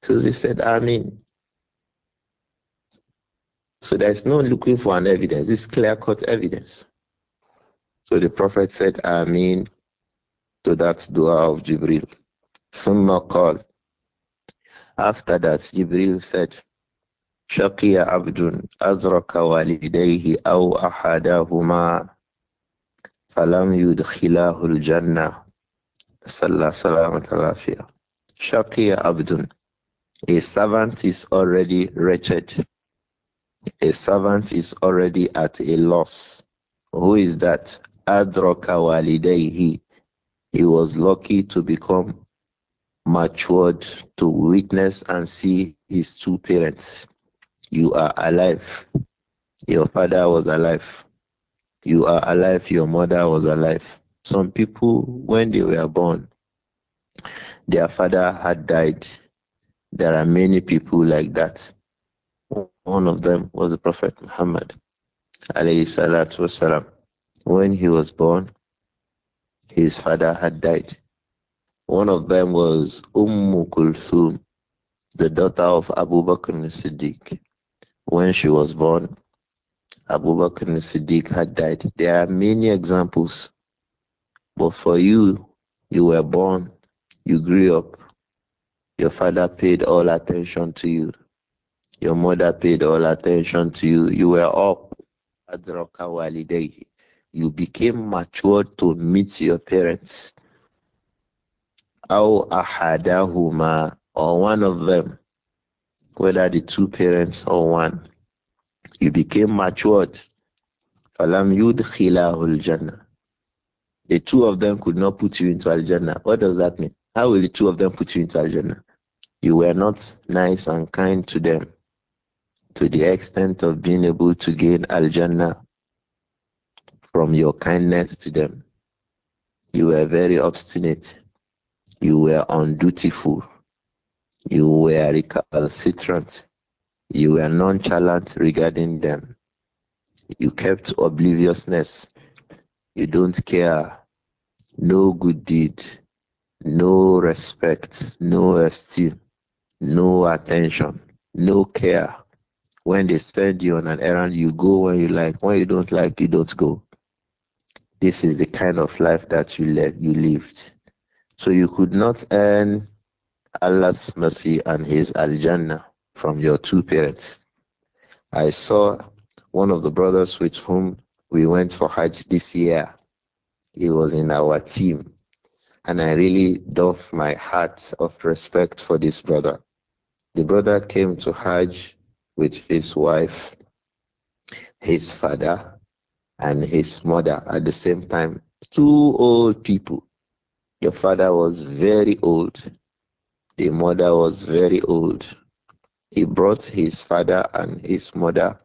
A: So he said Amin. So there is no looking for an evidence. It's clear cut evidence. So the Prophet said, "Amin." to that dua of Jibril. Summa call. After that, Jibril said, "Shakiya abdun azraka والديه أو أحدهما فلم يدخلاه الجنة jannah." الله سلامة العافية A servant is already wretched. A servant is already at a loss. Who is that? adraka walidayhi. He was lucky to become matured to witness and see his two parents. You are alive. Your father was alive. You are alive. Your mother was alive. Some people, when they were born, their father had died. There are many people like that. One of them was the Prophet Muhammad. Alayhi salatu wasalam when he was born, his father had died. One of them was Umm Kulthum, the daughter of Abu Bakr Siddiq. When she was born, Abu Bakr Siddiq had died. There are many examples, but for you, you were born, you grew up, your father paid all attention to you, your mother paid all attention to you, you were up. أدرك والديه you became mature to meet your parents. Aw ahadahuma or one of them, whether the two parents or one, you became matured. Falam yudkhilahul jannah. The two of them could not put you into Al-Jannah. What does that mean? How will the two of them put you into Al-Jannah? You were not nice and kind to them to the extent of being able to gain Al-Jannah from your kindness to them. You were very obstinate. You were undutiful. You were recalcitrant. You were nonchalant regarding them. You kept obliviousness. You don't care. No good deed. No respect. No esteem. No attention. No care. When they send you on an errand, you go when you like. When you don't like, you don't go. This is the kind of life that you led, you lived. So you could not earn Allah's mercy and His al-Jannah from your two parents. I saw one of the brothers with whom we went for Hajj this year. He was in our team, and I really doff my hat of respect for this brother. The brother came to Hajj with his wife, his father, and his mother at the same time. Two old people. The father was very old. The mother was very old. He brought his father and his mother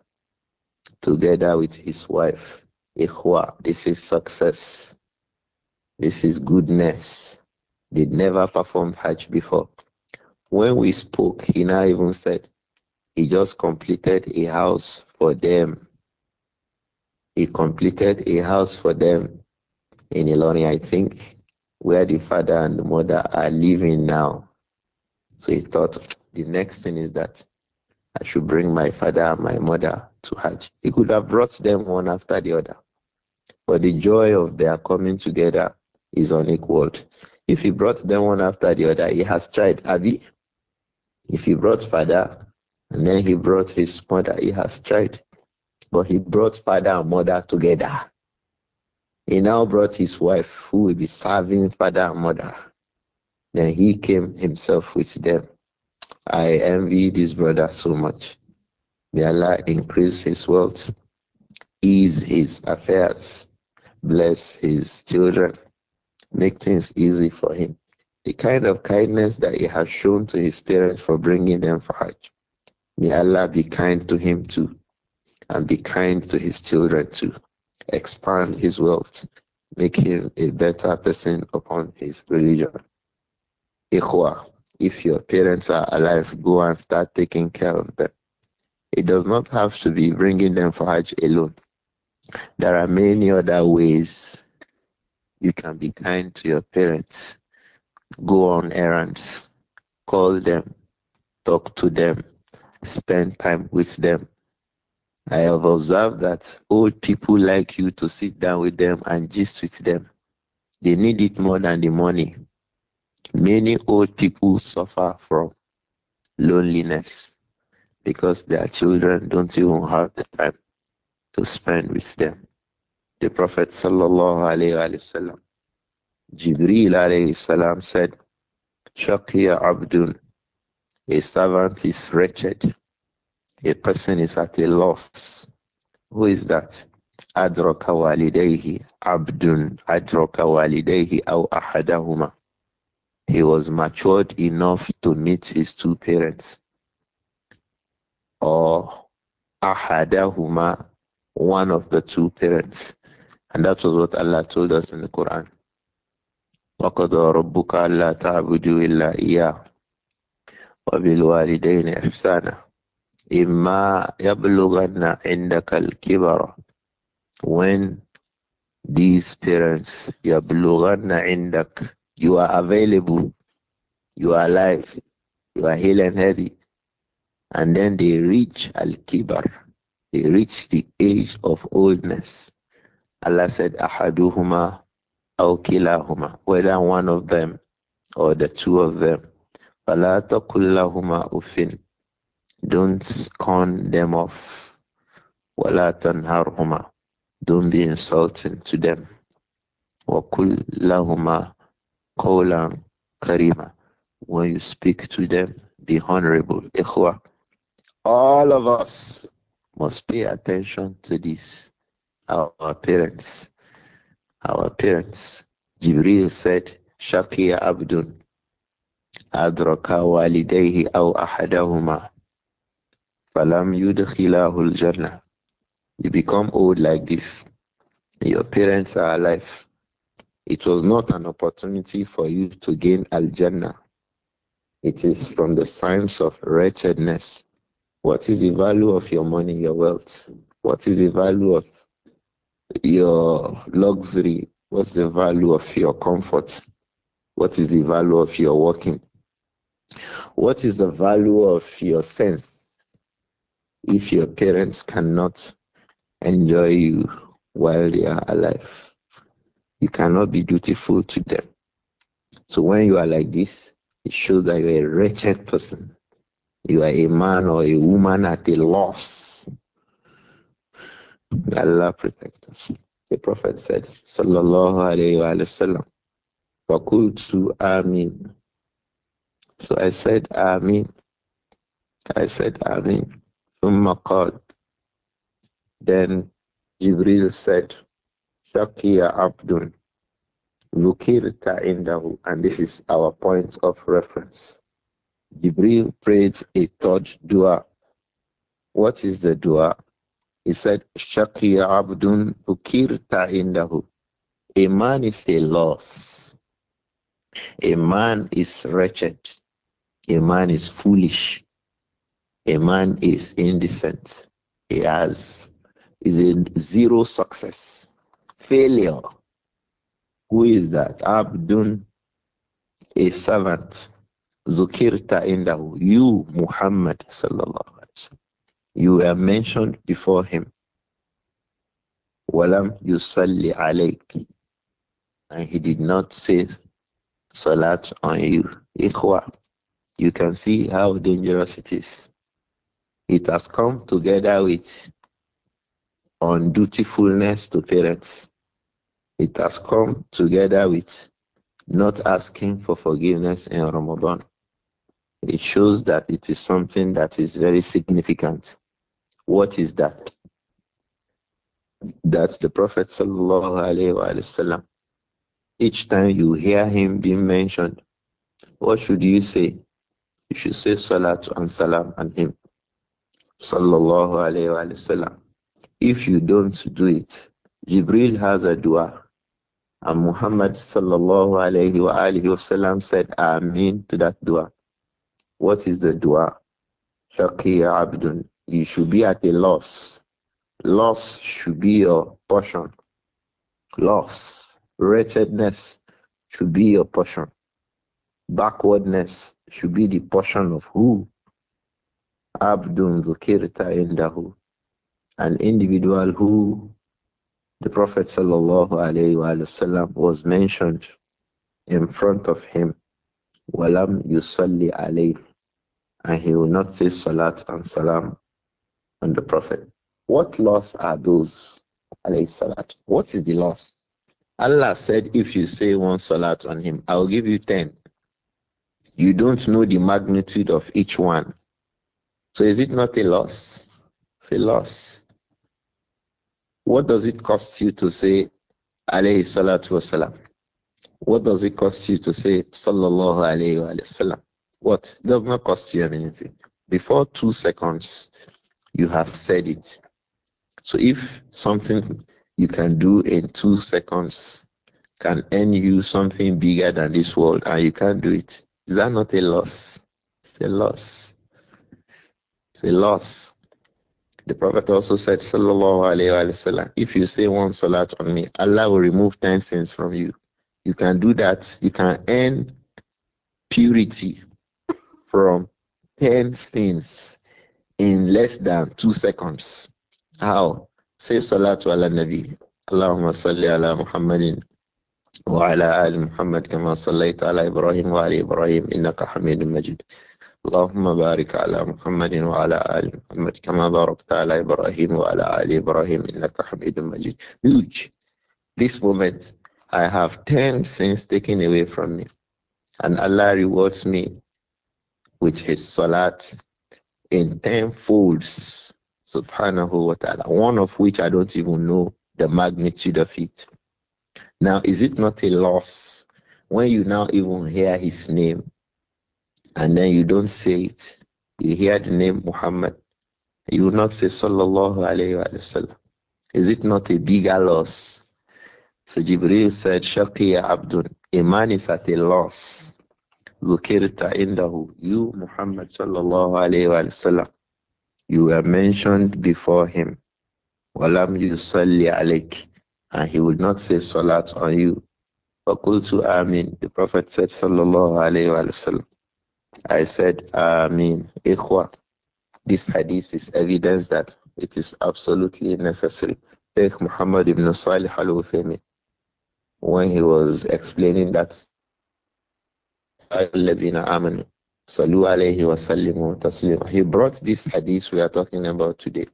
A: together with his wife. Ikhwa, this is success. This is goodness. They never performed Hajj before. When we spoke, he now even said he just completed a house for them he completed a house for them in Ilorin, I think, where the father and the mother are living now. So he thought the next thing is that I should bring my father and my mother to Hajj. He could have brought them one after the other. But the joy of their coming together is unequaled. If he brought them one after the other, he has tried Abi. If he brought father and then he brought his mother, he has tried. But he brought father and mother together. He now brought his wife, who will be serving father and mother. Then he came himself with them. I envy this brother so much. May Allah increase his wealth, ease his affairs, bless his children, make things easy for him. The kind of kindness that he has shown to his parents for bringing them for Hajj. May Allah be kind to him too and be kind to his children to expand his wealth, make him a better person upon his religion. Ikhwa, if your parents are alive, go and start taking care of them. It does not have to be bringing them for Hajj alone. There are many other ways you can be kind to your parents. Go on errands, call them, talk to them, spend time with them, I have observed that old people like you to sit down with them and gist with them. They need it more than the money. Many old people suffer from loneliness because their children don't even have the time to spend with them. The Prophet sallallahu wasallam, Jibril salam said, "Shaqiya abdun, a servant is wretched." a person is at a loss. Who is that? أدرك والديه abdun أدرك والديه أو أحدهما He was matured enough to meet his two parents. Or أحدهما one of the two parents. And that was what Allah told us in the Quran. وَقَضَى رَبُّكَ أَلَّا تَعْبُدُوا إِلَّا إِيَّاهُ وَبِالْوَالِدَيْنِ إِحْسَانًا إِمَّا يَبْلُغَنَّ عِنْدَكَ الْكِبَرَ When these parents, يَبْلُغَنَّ endak, You are available, you are alive, you are healthy and healthy. And then they reach al-kibar, they reach the age of oldness. Allah said, "Ahaduhuma أَوْ كِلَاهُمَا Whether one of them or the two of them. فَلَا تَقُلْ لَهُمَا أُفٍّ don't scorn them off. Walatun تنهرهما تَنْهَرْهُمَا Don't be insulting to them. وَقُلْ kolan karima. When you speak to them, be honorable. All of us must pay attention to this. Our, parents, our parents. Jibril said, Shakia Abdun, Adraka walidayhi aw ahadahuma Falam yudkhilahul jannah. You become old like this. Your parents are alive. It was not an opportunity for you to gain al jannah. It is from the signs of wretchedness. What is the value of your money, your wealth? What is the value of your luxury? What's the value of your comfort? What is the value of your working? What is the value of your sense? if your parents cannot enjoy you while they are alive. You cannot be dutiful to them. So when you are like this, it shows that you are a wretched person. You are a man or a woman at a loss. Allah protect us. The Prophet said, Sallallahu Alaihi Wasallam, wa Fakultu Amin. So I said, Amin. I said, Amin. Then Jibril said, Shakia Abdun, Lukirta Indahu, and this is our point of reference. Jibril prayed a third dua. What is the dua? He said, Shakia Abdun, Lukirta Indahu. A man is a loss. A man is wretched. A man is foolish a man is indecent. He has is in zero success, failure. Who is that? Abdun, a servant. Zukirta indahu. You, Muhammad, sallallahu alaihi wasallam. You were mentioned before him. Walam yusalli alayk. And he did not say salat on you. Ikhwa. You can see how dangerous it is it has come together with undutifulness to parents. It has come together with not asking for forgiveness in Ramadan. It shows that it is something that is very significant. What is that? That the Prophet wasallam. each time you hear him being mentioned, what should you say? You should say salat and salam on him. Sallallahu alayhi Wasallam. Wa if you don't do it, Jibril has a dua. And Muhammad sallallahu alayhi wa alihi wasallam said amen to that dua. What is the dua? Shakir Abdun. You should be at a loss. Loss should be your portion. Loss, wretchedness should be your portion. Backwardness should be the portion of who? Abdun Zukirta Indahu, an individual who the Prophet وسلم, was mentioned in front of him. Walam Yusalli alayhi. And he will not say Salat and Salam on the Prophet. What loss are those? Salat. What is the loss? Allah said, if you say one salat on him, I'll give you ten. You don't know the magnitude of each one. So is it not a loss? It's a loss. What does it cost you to say alayhi salatu wasalam? What does it cost you to say sallallahu alayhi wa sallam? What? It does not cost you anything. Before two seconds, you have said it. So if something you can do in two seconds can earn you something bigger than this world and you can't do it, is that not a loss? It's a loss a loss. The Prophet also said, Sallallahu Wasallam, if you say one salat on me, Allah will remove 10 sins from you. You can do that. You can earn purity from 10 sins in less than two seconds. How? Say salatu ala nabi. Allahumma salli ala Muhammadin wa ala ali Muhammad kama sallaita ala Ibrahim wa ala Ibrahim innaka hamidun majid. اللهم بارك على محمد وعلى آل محمد كما باركت على إبراهيم وعلى آل إبراهيم إنك حميد مجيد huge this moment I have 10 sins taken away from me and Allah rewards me with his salat in 10 folds subhanahu wa ta'ala one of which I don't even know the magnitude of it now is it not a loss when you now even hear his name and then you don't say it. You hear the name Muhammad, you will not say Sallallahu Alaihi Wasallam. Is it not a bigger loss? So Jibril said, Shaqiya Abdun, a man is at a loss. Zukirta indahu, you Muhammad Sallallahu Alaihi Wasallam. You were mentioned before him. Walam yusalli alaik. And he would not say salat on you. Fakultu amin. The Prophet said, Sallallahu Alaihi Wasallam. I said, Ameen. Ikhwa, this hadith is evidence that it is absolutely necessary. Sheikh Muhammad ibn Salih al Uthaymeen, when he was explaining that, he brought this hadith we are talking about today.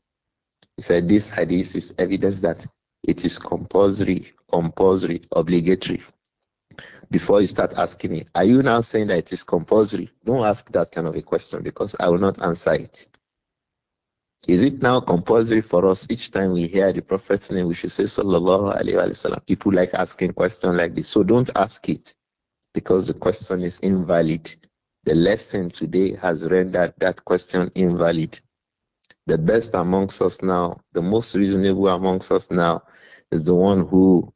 A: He said, This hadith is evidence that it is compulsory, compulsory, obligatory before you start asking me, are you now saying that it is compulsory? Don't ask that kind of a question because I will not answer it. Is it now compulsory for us each time we hear the Prophet's name, we should say Sallallahu Alaihi Wasallam? People like asking questions like this. So don't ask it because the question is invalid. The lesson today has rendered that question invalid. The best amongst us now, the most reasonable amongst us now, is the one who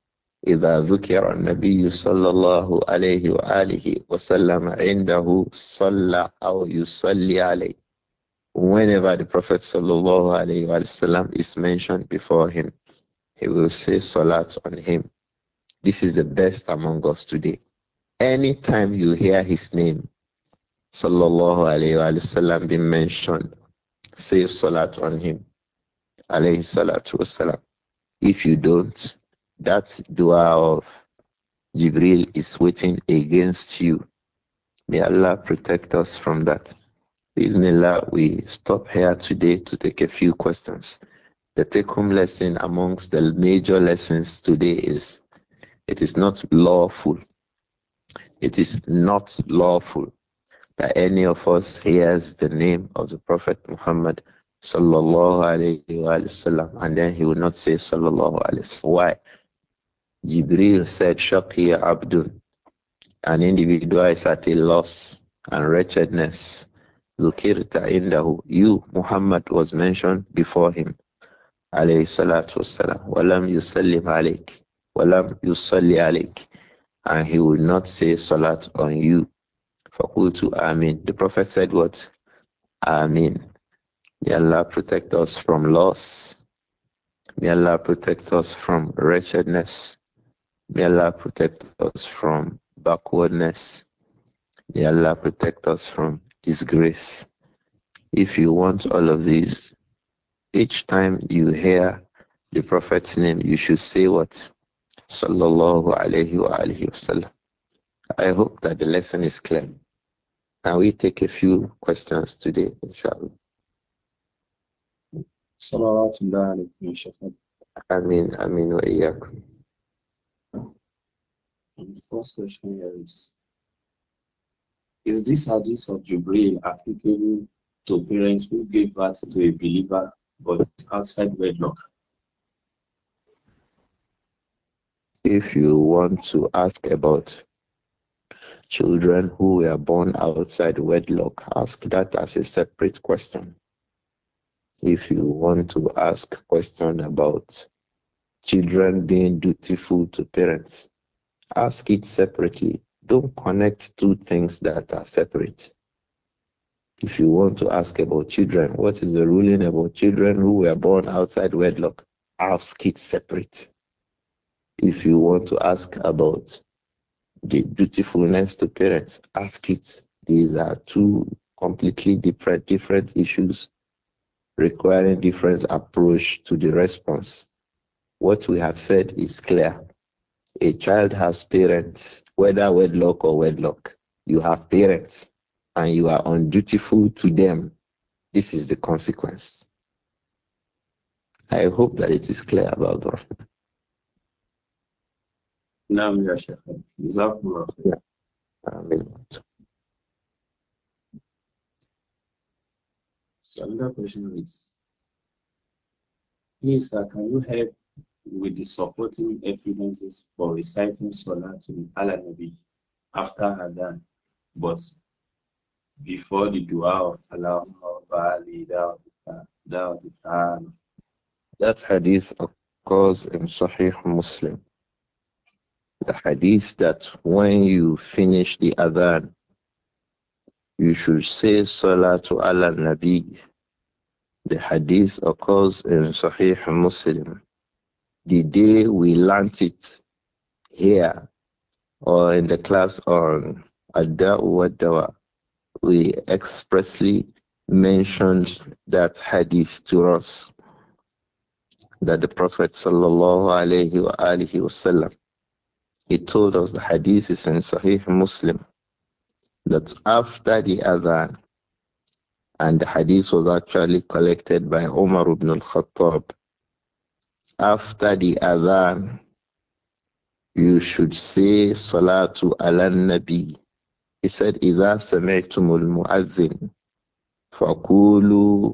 A: إذا ذكر النبي صلى الله عليه وآله وسلم عنده صلى أو يصلي عليه Whenever the Prophet sallallahu alayhi wasallam is mentioned before him, he will say salat on him. This is the best among us today. Anytime you hear his name, sallallahu alayhi wasallam being mentioned, say salat on him, alayhi salatu wasalam. If you don't, that dua of Jibril is waiting against you. May Allah protect us from that. Bismillah, we stop here today to take a few questions. The take home lesson amongst the major lessons today is it is not lawful. It is not lawful that any of us hears the name of the Prophet Muhammad sallallahu alayhi wa sallam and then he will not say sallallahu alayhi wa sallam. Why? Jibril said, Shaqi Abdul, an individual is at a loss and wretchedness. Zukirta indahu, you, Muhammad, was mentioned before him. Alayhi salatu wassalam. Walam yusallim alayk. Walam yusalli alayk. And he would not say salat on you. Fakultu amin. The Prophet said what? Amin. May Allah protect us from loss. May Allah protect us from wretchedness. May Allah protect us from backwardness. May Allah protect us from disgrace. If you want all of these, each time you hear the Prophet's name, you should say what? Sallallahu alayhi wa alayhi wasallam. I hope that the lesson is clear. Can we take a few questions today, inshallah? صلوات الله عليكم يا شيخ. آمين and the first question here is Is this hadith of Jubril applicable to parents who gave birth to a believer but outside wedlock? If you want to ask about children who were born outside wedlock, ask that as a separate question. If you want to ask question about children being dutiful to parents, Ask it separately. Don't connect two things that are separate. If you want to ask about children, what is the ruling about children who were born outside wedlock? Ask it separate. If you want to ask about the dutifulness to parents, ask it. These are two completely different different issues requiring different approach to the response. What we have said is clear. A child has parents, whether wedlock or wedlock. You have parents and you are undutiful to them. This is the consequence. I hope that it is clear about the Rahman. So another question is, please, sir, can you help with the supporting evidences for reciting Salah to Allah Nabi after Adhan, but before the dua of Allah that hadith occurs in Sahih Muslim. The hadith that when you finish the adhan, you should say to ala Nabi. The hadith occurs in Sahih Muslim the day we learnt it here or in the class on Adawadawa, we expressly mentioned that hadith to us that the Prophet sallallahu wasallam he told us the hadith is in Sahih Muslim that after the Adhan and the hadith was actually collected by Umar ibn al-Khattab after the Azan, you should say Salatu ala Nabi. He said, إِذَا سَمِعْتُمُ الْمُؤَذِّنِ فَقُولُوا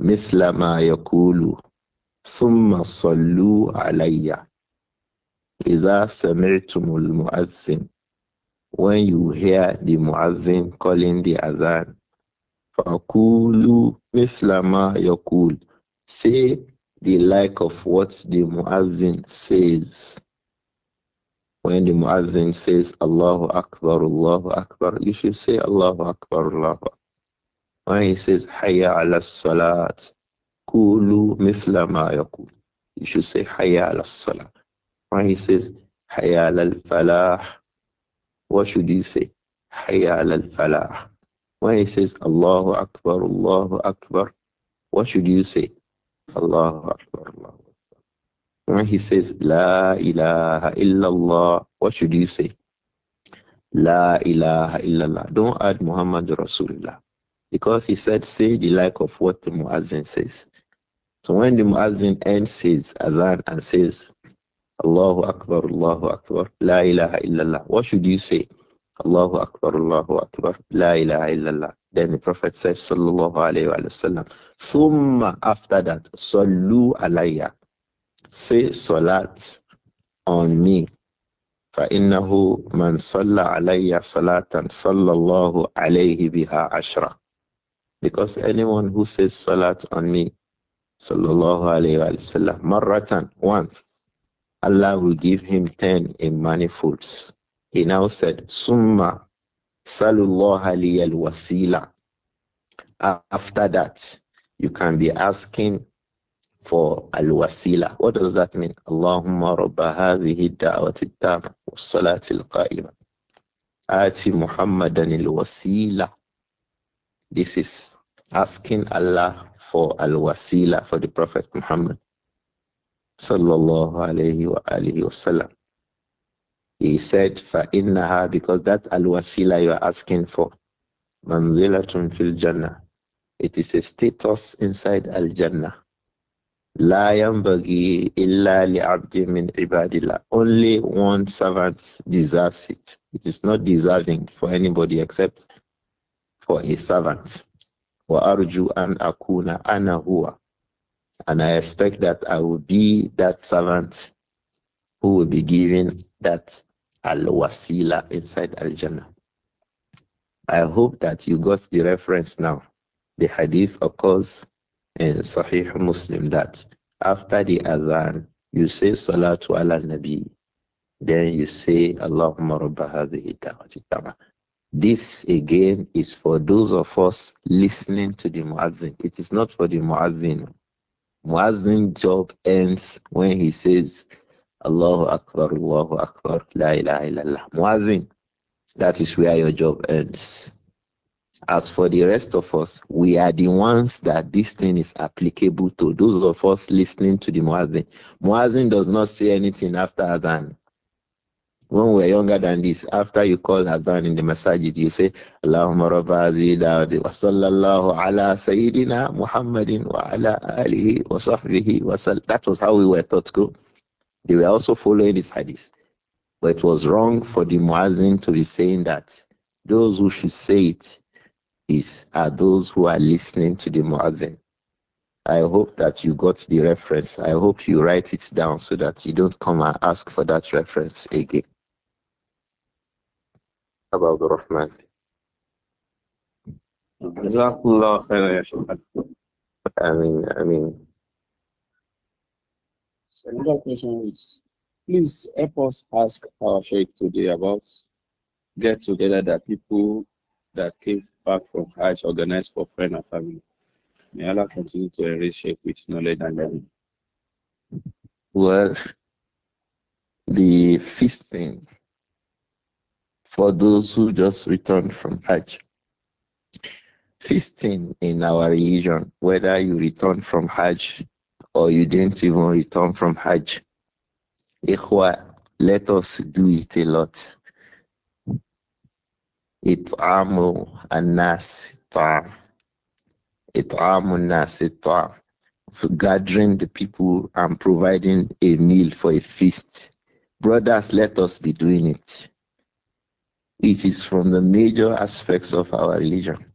A: مِثْلَ مَا يَقُولُ ثُمَّ صَلُّوا عَلَيَّ إِذَا سَمِعْتُمُ الْمُؤَذِّنِ When you hear the Muazzin calling the Azan, فَقُولُوا مِثْلَ مَا يَقُولُ Say the like of what the Muazzin says. When the Muazzin says Allahu Akbar, Allahu Akbar, you should say Allahu Akbar, Allahu Akbar. When he says Hayya ala salat, Kulu mithla ma yakul. You should say Hayya ala salat. When he says Hayya ala falah, what should you say? Hayya ala falah. When he says Allahu Akbar, Allahu Akbar, what should you say? Allahu Akbar, Allahu Akbar. When he says, La ilaha illallah, what should you say? La ilaha illallah. Don't add Muhammad Rasulullah. Because he said, say the like of what the Muazzin says. So when the Muazzin ends his Azan and says, Allahu Akbar, Allahu Akbar, La ilaha illallah, what should you say? Allahu Akbar, Allahu Akbar, La ilaha illallah. Then the Prophet said, Sallallahu wa Wasallam, Thumma after that, Sallu alayya. Say salat on me. فإنه من صلى علي صلاة صلى الله عليه بها عشرة because anyone who says salat on me sallallahu alayhi wa sallam once Allah will give him 10 in manifolds he now said summa Salullah liyal wasila. After that, you can be asking for al wasila. What does that mean? Allahumma rabba hadhihi da'wati tama wa salati al qa'ima. Ati Muhammadan al wasila. This is asking Allah for al wasila for the Prophet Muhammad sallallahu alayhi wa alihi wasallam. He said, فَإِنَّهَا Because that al-wasila you are asking for, مَنْزِلَةٌ fil jannah. It is a status inside al-jannah. لا ينبغي إلا لعبد Only one servant deserves it. It is not deserving for anybody except for a servant. وأرجو أن أكون أنا هو. And I expect that I will be that servant who will be given that al-wasila inside al-jannah. I hope that you got the reference now. The hadith occurs in Sahih Muslim that after the adhan, you say salatu ala nabi, then you say Allahumma rabba hadhihi This again is for those of us listening to the muazzin. It is not for the muazzin. Muazzin's job ends when he says Allahu Akbar, Allahu Akbar, La ilaha illallah. Muazzin, that is where your job ends. As for the rest of us, we are the ones that this thing is applicable to. Those of us listening to the Muazzin. Muazzin does not say anything after Adhan. When we are younger than this, after you call Adhan in the masajid, you say, Allahumma rabba azidawati wa sallallahu ala sayyidina Muhammadin wa ala alihi wa sahbihi wa sal. That was how we were taught to go. They were also following this hadith. But it was wrong for the Muazzin to be saying that. Those who should say it is are those who are listening to the Muazzin. I hope that you got the reference. I hope you write it down so that you don't come and ask for that reference again. About the Rahman. I mean, I mean another question is please help us ask our Sheikh today about get together that people that came back from Hajj organized for friend and family. May Allah continue to enrich Sheikh with knowledge and learning. Well, the feasting for those who just returned from Hajj. Feasting in our religion, whether you return from Hajj or you didn't even return from Hajj. Ikhwa, let us do it a lot. It'amu anas it'am. It'amu nas it'am. Gathering the people and providing a meal for a feast. Brothers, let us be doing it. It is from the major aspects of our religion.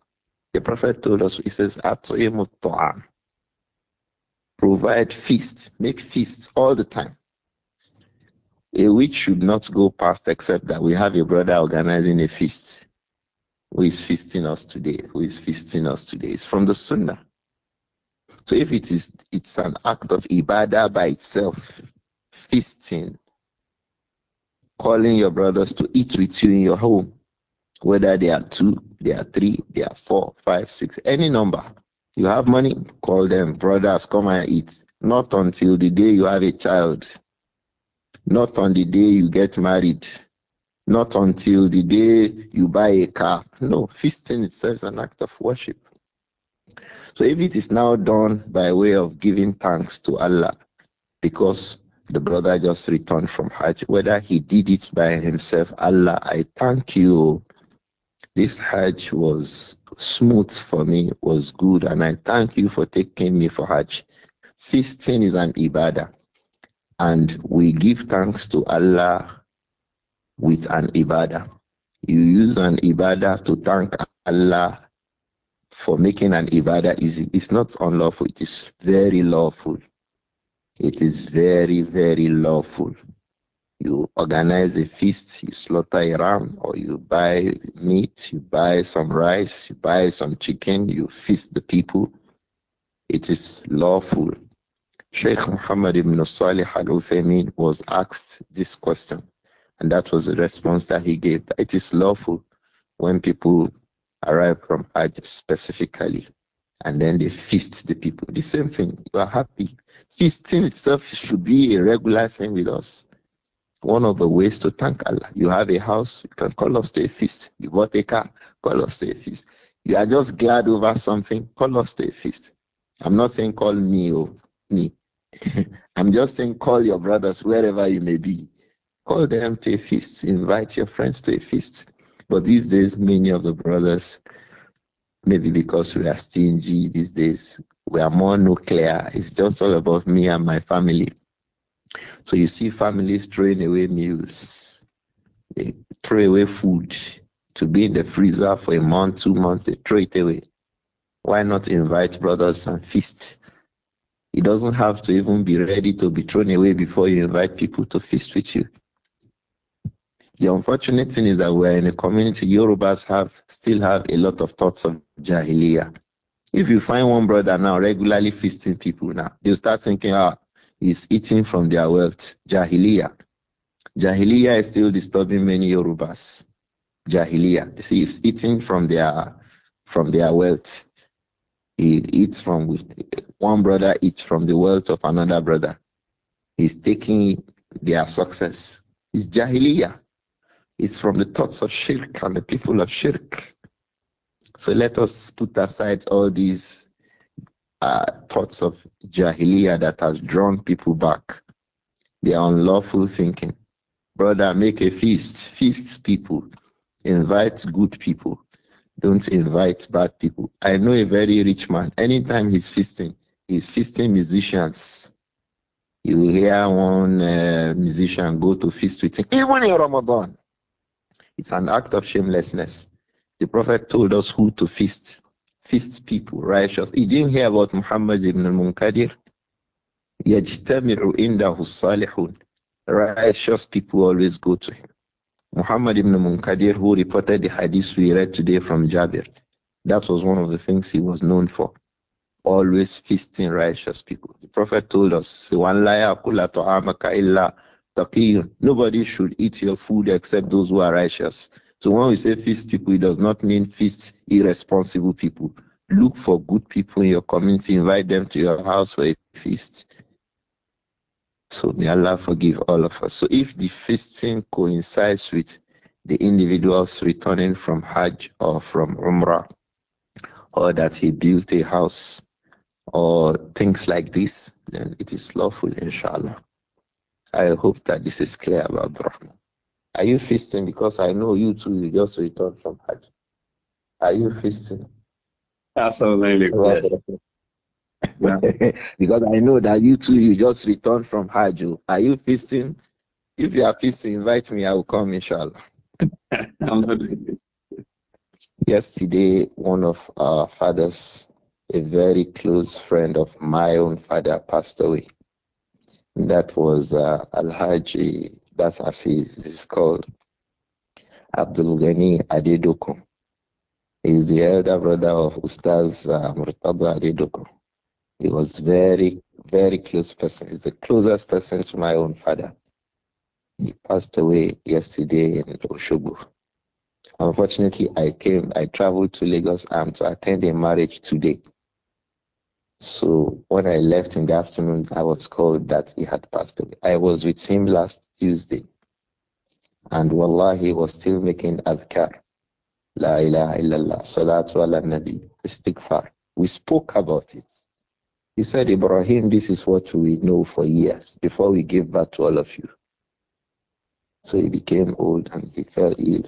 A: The Prophet told us, he says, At'imu Provide feasts, make feasts all the time. A week should not go past except that we have a brother organizing a feast. Who is feasting us today? Who is feasting us today? It's from the Sunnah. So if it is, it's an act of ibadah by itself, feasting, calling your brothers to eat with you in your home, whether they are two, they are three, they are four, five, six, any number. You have money? Call them, brothers, come and eat. Not until the day you have a child. Not on the day you get married. Not until the day you buy a car. No, feasting itself is an act of worship. So if it is now done by way of giving thanks to Allah, because the brother just returned from Hajj, whether he did it by himself, Allah, I thank you this Hajj was smooth for me, was good, and I thank you for taking me for Hajj. Feasting is an ibadah, and we give thanks to Allah with an ibadah. You use an ibadah to thank Allah for making an ibadah easy. It's not unlawful, it is very lawful. It is very, very lawful you organize a feast, you slaughter a ram, or you buy meat, you buy some rice, you buy some chicken, you feast the people. It is lawful. Sheikh Muhammad ibn Salih al Uthaymeen was asked this question, and that was the response that he gave. It is lawful when people arrive from Hajj specifically, and then they feast the people. The same thing, you are happy. Feasting itself should be a regular thing with us one of the ways to thank Allah. You have a house, you can call us to a feast. You bought a car, call us to a feast. You are just glad over something, call us to a feast. I'm not saying call me or oh, me. <laughs> I'm just saying call your brothers wherever you may be. Call them to a feast. Invite your friends to a feast. But these days, many of the brothers, maybe because we are stingy these days, we are more nuclear. It's just all about me and my family. So you see families throwing away meals, they throw away food to be in the freezer for a month, two months, they throw it away. Why not invite brothers and feast? It doesn't have to even be ready to be thrown away before you invite people to feast with you. The unfortunate thing is that we're in a community, Yorubas have still have a lot of thoughts of Jahiliyyah. If you find one brother now regularly feasting people now, you start thinking, ah, is eating from their wealth. Jahiliya. Jahiliya is still disturbing many Yorubas. Jahiliya. see, it's eating from their from their wealth. He eats from one brother eats from the wealth of another brother. He's taking their success. It's Jahiliya. It's from the thoughts of Shirk and the people of Shirk. So let us put aside all these uh, thoughts of jahiliyyah that has drawn people back. Their unlawful thinking. Brother, make a feast. Feast people. Invite good people. Don't invite bad people. I know a very rich man. Anytime he's feasting, he's feasting musicians. You hear one uh, musician go to feast with him, even in Ramadan. It's an act of shamelessness. The Prophet told us who to feast, feast people, righteous. You didn't hear about Muhammad ibn al-Munkadir? يَجْتَمِعُ إِنْدَهُ الصَّالِحُونَ Righteous people always go to him. Muhammad ibn Munkadir, who reported the hadith we read today from Jabir, that was one of the things he was known for. Always feasting righteous people. The Prophet told us, Nobody should eat your food except those who are righteous. So when we say feast people, it does not mean feast irresponsible people. Look for good people in your community, invite them to your house for a feast. So may Allah forgive all of us. So if the feasting coincides with the individuals returning from Hajj or from Umrah, or that he built a house, or things like this, then it is lawful, inshallah. I hope that this is clear about Rahman. Are you feasting? Because I know you too, you just returned from Hajj. Are you feasting? Absolutely. Oh, yes. <laughs> <laughs> because I know that you too, you just returned from Hajj. Are you feasting? If you are feasting, invite me, I will come, inshallah. <laughs> Yesterday, one of our fathers, a very close friend of my own father, passed away. That was uh, Al Haji that's as he is called. Abdul Ghani Adedoko. is the elder brother of Ustaz uh, Murtada Adedoko. He was very, very close person. He's the closest person to my own father. He passed away yesterday in Oshogbo. Unfortunately, I came, I traveled to Lagos um, to attend a marriage today. So when I left in the afternoon, I was called that he had passed away. I was with him last Tuesday. And wallah, he was still making adhkar. La ilaha illallah, salatu ala nabi, istighfar. We spoke about it. He said, Ibrahim, this is what we know for years before we give birth to all of you. So he became old and he fell ill.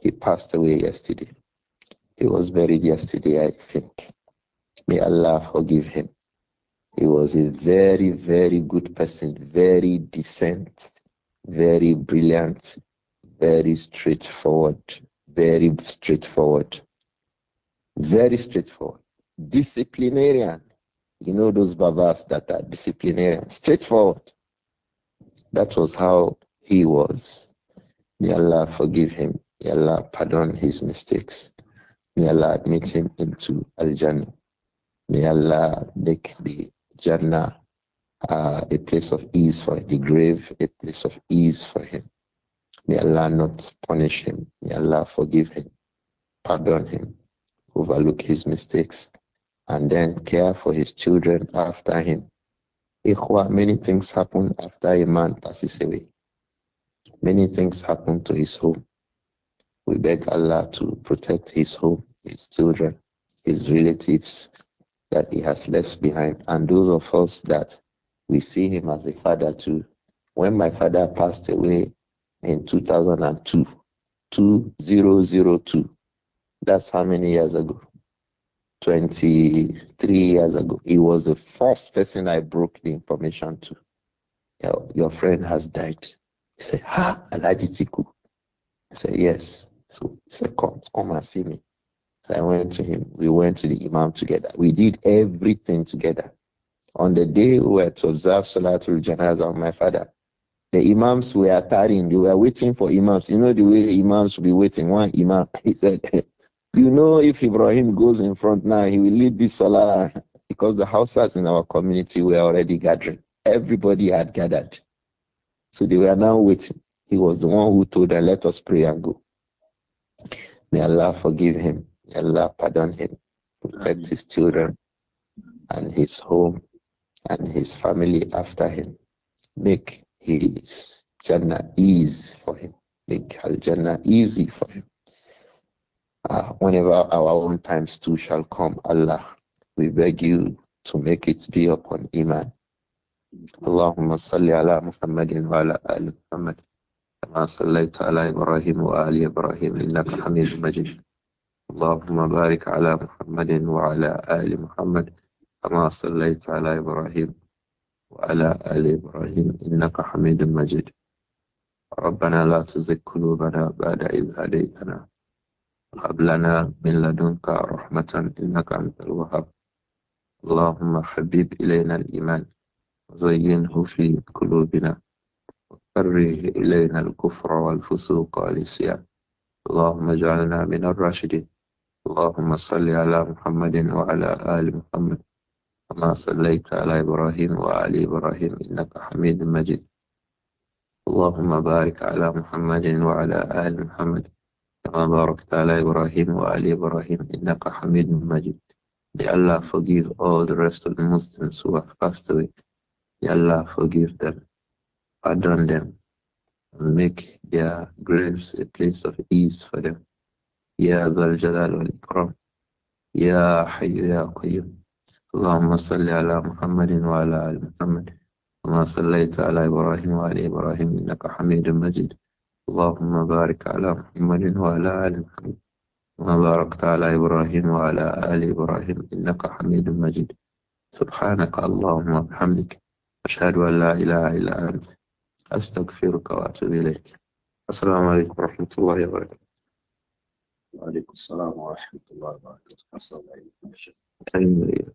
A: He passed away yesterday. He was buried yesterday, I think. May Allah forgive him. He was a very, very good person, very decent, very brilliant, very straightforward, very straightforward, very straightforward. Disciplinarian. You know those babas that are disciplinarian, straightforward. That was how he was. May Allah forgive him. May Allah pardon his mistakes. May Allah admit him into Al Jannah. May Allah make the Jannah uh, a place of ease for him, the grave, a place of ease for him. May Allah not punish him. May Allah forgive him, pardon him, overlook his mistakes, and then care for his children after him. Ikhwa, many things happen after a man passes away. Many things happen to his home. We beg Allah to protect his home, his children, his relatives, that he has left behind, and those of us that we see him as a father too. When my father passed away in 2002, 2002, that's how many years ago? 23 years ago. He was the first person I broke the information to. Your, friend has died. He said, Ha, Alajitiku. I said, Yes. So he said, Come, come and see me. So I went to him. We went to the Imam together. We did everything together. On the day we were to observe Salatul Janazah of my father, the Imams were tarrying. They were waiting for Imams. You know the way Imams will be waiting. One Imam, <laughs> he said, You know, if Ibrahim goes in front now, he will lead this Salah <laughs> because the houses in our community were already gathering. Everybody had gathered. So they were now waiting. He was the one who told them, Let us pray and go. May Allah forgive him. Allah pardon him, protect his children and his home and his family after him. Make his Jannah ease for him. Make Al Jannah easy for him. Uh, whenever our own times too shall come, Allah, we beg you to make it be upon Iman. اللهم صل على محمد وعلى آل محمد كما صليت على إبراهيم وآل إبراهيم إنك حميد مجيد اللهم بارك على محمد وعلى آل محمد كما صليت على إبراهيم وعلى آل إبراهيم إنك حميد مجيد ربنا لا تزغ قلوبنا بعد إذ هديتنا وهب لنا من لدنك رحمة إنك أنت الوهاب اللهم حبيب إلينا الإيمان وزينه في قلوبنا وكره إلينا الكفر والفسوق والعصيان اللهم اجعلنا من الراشدين اللهم صل على محمد وعلى آل محمد كما صليت على إبراهيم وآل إبراهيم إنك حميد مجيد اللهم بارك على محمد وعلى آل محمد كما باركت على إبراهيم وآل إبراهيم إنك حميد مجيد May Allah forgive all the rest of the Muslims who have passed away. May Allah forgive them, pardon them, and make their graves a place of ease for them. يا ذا الجلال والإكرام يا حي يا قيوم اللهم صل على محمد وعلى آل محمد كما صليت على إبراهيم وعلى إبراهيم إنك حميد مجيد اللهم بارك على محمد وعلى آل محمد كما باركت على إبراهيم وعلى آل إبراهيم إنك حميد مجيد سبحانك اللهم وبحمدك أشهد أن لا إله إلا أنت أستغفرك وأتوب إليك السلام عليكم ورحمة الله وبركاته وعليكم السلام ورحمة الله وبركاته حسن الله